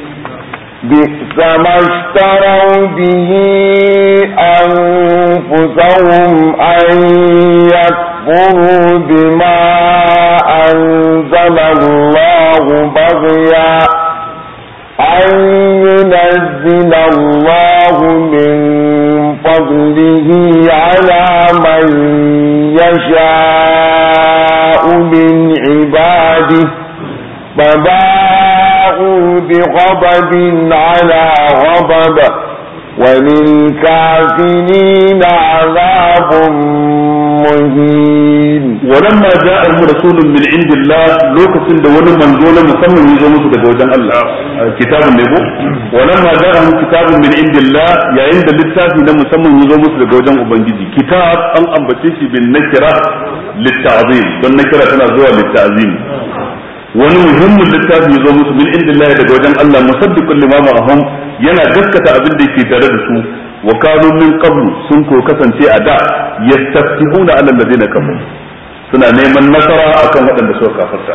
بئس ما اشتروا به أنفسهم أن يكفروا بما أنزل الله بغيا أن ينزل الله من فضله على من يشاء من عباده فباءوا بغضب على غضب وللكافرين
عذاب مهين ولما جاءهم رسول من عند الله لوكسن ده wani manzo na musamman ya zo musu daga wajen Allah kitabun ne ko walamma ja'ahum kitabun min indillah yayin da littafi na musamman ya zo musu daga wajen ubangiji kitab an ambace shi bin nakira don nakira tana zuwa litta'zim wani muhimmin littafi zo musu min indillahi daga wajen Allah musaddiqul lima ma'ahum yana gaskata abin da yake tare da su wa kanu min qablu sun ko kasance a da yastaftihuna ala alladhina kafaru suna neman nasara akan waɗanda suka kafarta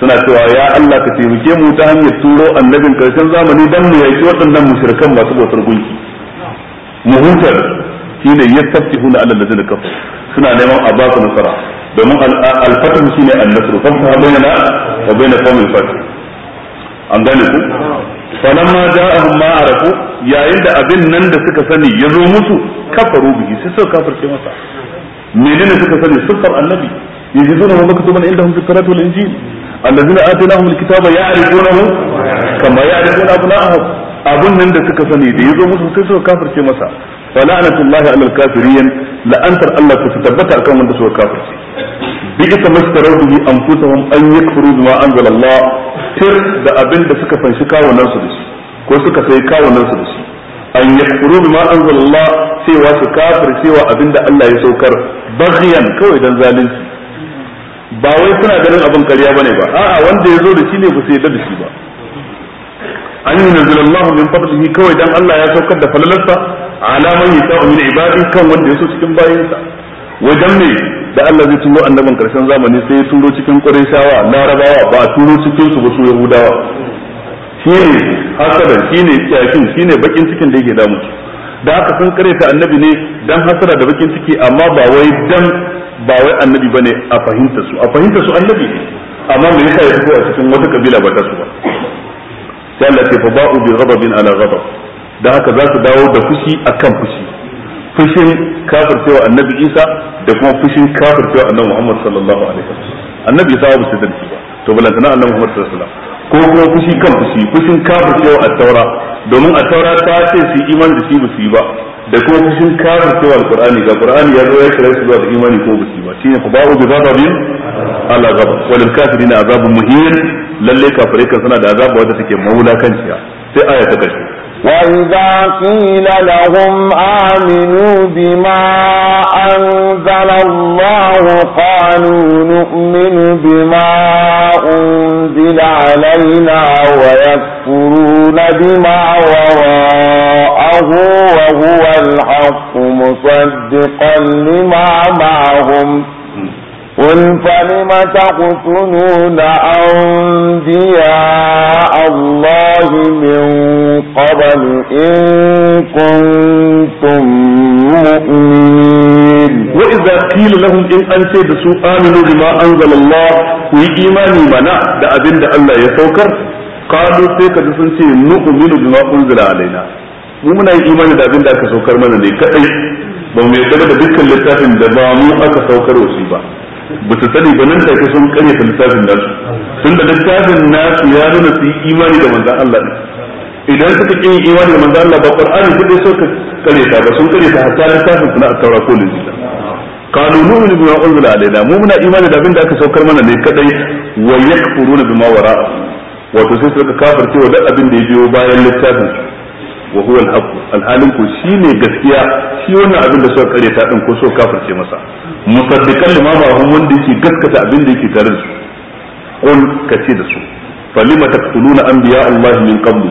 suna cewa ya Allah ka taimake mu ta hanyar turo annabin karshen zamani dan mu yaki waɗannan mushrikan masu bautar gunki mu hutar shine yastaftihuna ala alladhina kafaru suna neman a ba su nasara domin al-fathu shine an-nasr fa fa bainana wa bain qawm al-fath an gane ku falamma ja'ahum ma arafu yayin da abin nan da suka sani ya zo musu kafaru bihi sai suka kafirce masa menene suka sani sifar annabi yajiduna ma maktuban indahum fi tawrat wal injil alladhina atainahum al-kitaba ya'rifunahu kama ya'rifuna abna'ahum abun nan da suka sani da ya zo musu sai suka kafirce masa fa la'natullahi alal kafirin la'antar Allah su tabbata akan wanda suka kafirce bi isa mastarau bi anfusahum an yakfuru bima anzala Allah tir da abinda suka fanshi kawunan su da shi ko suka sai kawunan su da shi an yakfuru bima anzala Allah cewa su kafircewa abin Allah ya saukar baghyan kawai dan zalunci ba wai suna ganin abin karya bane ba a'a wanda ya zo da shi ne ba sai yarda da shi ba an yi nazar Allah min fadlihi kawai dan Allah ya saukar da falalarsa ala man yasa'u min ibadi kan wanda ya so cikin bayansa wajen ne da Allah zai turo annaban karshen zamani sai ya turo cikin Qurayshawa Larabawa ba turo cikin su ba su Yahudawa shine hasadan shine kyafin shine bakin cikin da yake damu da haka sun ta annabi ne dan hasara da bakin ciki amma ba wai dan ba wai annabi bane a fahimta su a fahimta su annabi amma me yasa ya fito a cikin wata kabila ba ta su ba sai Allah ya fa ba'u bi ghadabin ala ghadab da haka za su dawo da fushi a kan fushi fushin kafircewa annabi Isa da kuma fushin kafircewa annabi Muhammad sallallahu alaihi wasallam annabi Isa ba su danci ba to na annabi Muhammad sallallahu alaihi wasallam ko kuma fushi kan fushi fushin kafircewa a taura domin a taura ta ce su iman da shi ba su yi ba da kuma fushin kafircewa alqur'ani ga qur'ani ya zo ya kira su zuwa da imani ko ba su yi ba shine fa ba'u bi ghadabin ala ghadab walil kafirina azabun muhin lalle kafirai kan suna da azaba wanda take maula kanciya sai aya ta karshe
وإذا قيل لهم آمنوا بما أنزل الله قالوا نؤمن بما أنزل علينا ويكفرون بما وراءه وهو الحق مصدقا لما معهم قل فلم تقتلون أنبياء الله من قبل إن كنتم مؤمنين وإذا قيل لهم إن أنت بسوء آمنوا بما
أنزل الله وإيماني منا دا أبن دا الله يتوكر قالوا سيكا جسنتي نؤمن بما أنزل علينا ومن أي إيمان دا أبن دا كسوكر منا دي كأي بمي دا دكا اللتافن دا بامو أكا سوكر وسيبا ba su sani ba nan take sun kare ta littafin nasu tun da littafin nasu ya nuna su yi imani da manzon Allah idan suka ƙi yin imani da manzon Allah ba Qur'ani duk dai suka kare ta ba sun kare ta hatta littafin suna taura ko linjila qalu nu'minu bima unzila alaina mu muna imani da abin da aka saukar mana ne kadai wa yakfuruna bima wara'a wato sai suka kafirce wa duk abin da ya biyo bayan littafin wa huwa al-haqq alhalin ku shine gaskiya shi wannan abin da suka kare ta din ko so kafirce masa musaddiqan lima ma'ahum wanda yake gaskata abin da yake tare da su qul kace da su falima taqtuluna anbiya Allah min qablu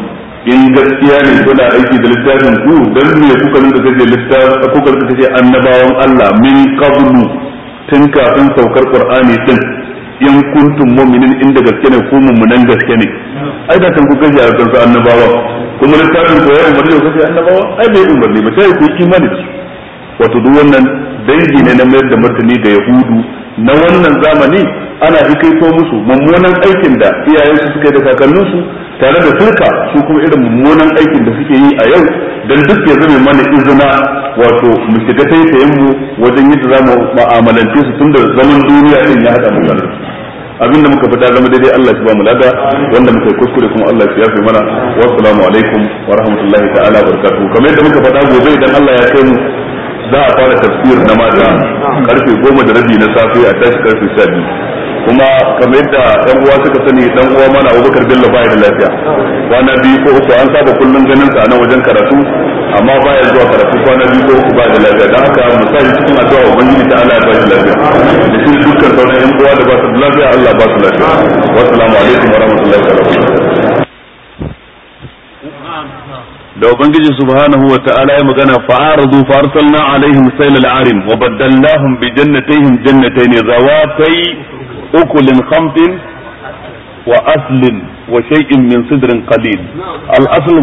in gaskiya ne kuna aiki da littafin ku dan me kuka rinka kace littafin kuka rinka kace annabawan Allah min qablu tun kafin saukar qur'ani din in kuntum mu'minin inda gaske ne ku mu'minan gaske ne ai da kan ku kace a kan annabawa kuma littafin ku ya umarni ku kace annabawa ai bai umarni ba sai ku imani da su wato duk wannan dangi ne na mayar da martani da yahudu na wannan zamani ana fi hikaito musu mummunan aikin da iyayensu suka yi da kakanninsu tare da sulka su kuma irin mummunan aikin da suke yi a yau dan duk ya zama mana izina wato mu shiga taifayen mu wajen yadda zamu ma'amalance su tun da zaman duniya din ya hada mu da muka fita zama daidai Allah ya ba mu lada wanda muka yi kuskure kuma Allah ya yafe mana wa assalamu alaikum wa rahmatullahi ta'ala wa barakatuh kamar yadda muka fada gobe idan Allah ya kai mu za a fara tafsir na mata karfe goma da rabi na safe a tashi karfe sha biyu kuma kamar yadda ɗan uwa suka sani ɗan uwa mana bakar Bello baya da lafiya kwana biyu ko uku an saba kullum ganin sa na nan wajen karatu amma baya zuwa karatu kwana biyu ko uku baya da lafiya dan haka misali cikin addu'a ubangiji ta ala ya ba shi lafiya da shi dukkan sauran ɗan uwa da ba su lafiya Allah ba su lafiya wassalamu alaikum wa barakatuh da ubangiji subhanahu wa ta'ala ya magana fa'aradu fa arsalna alaihim sayl al'arim wa baddalnahum bi jannatayhim jannatayn zawatay ukulin khamtin wa aslin wa shay'in min sidrin
qalil al asl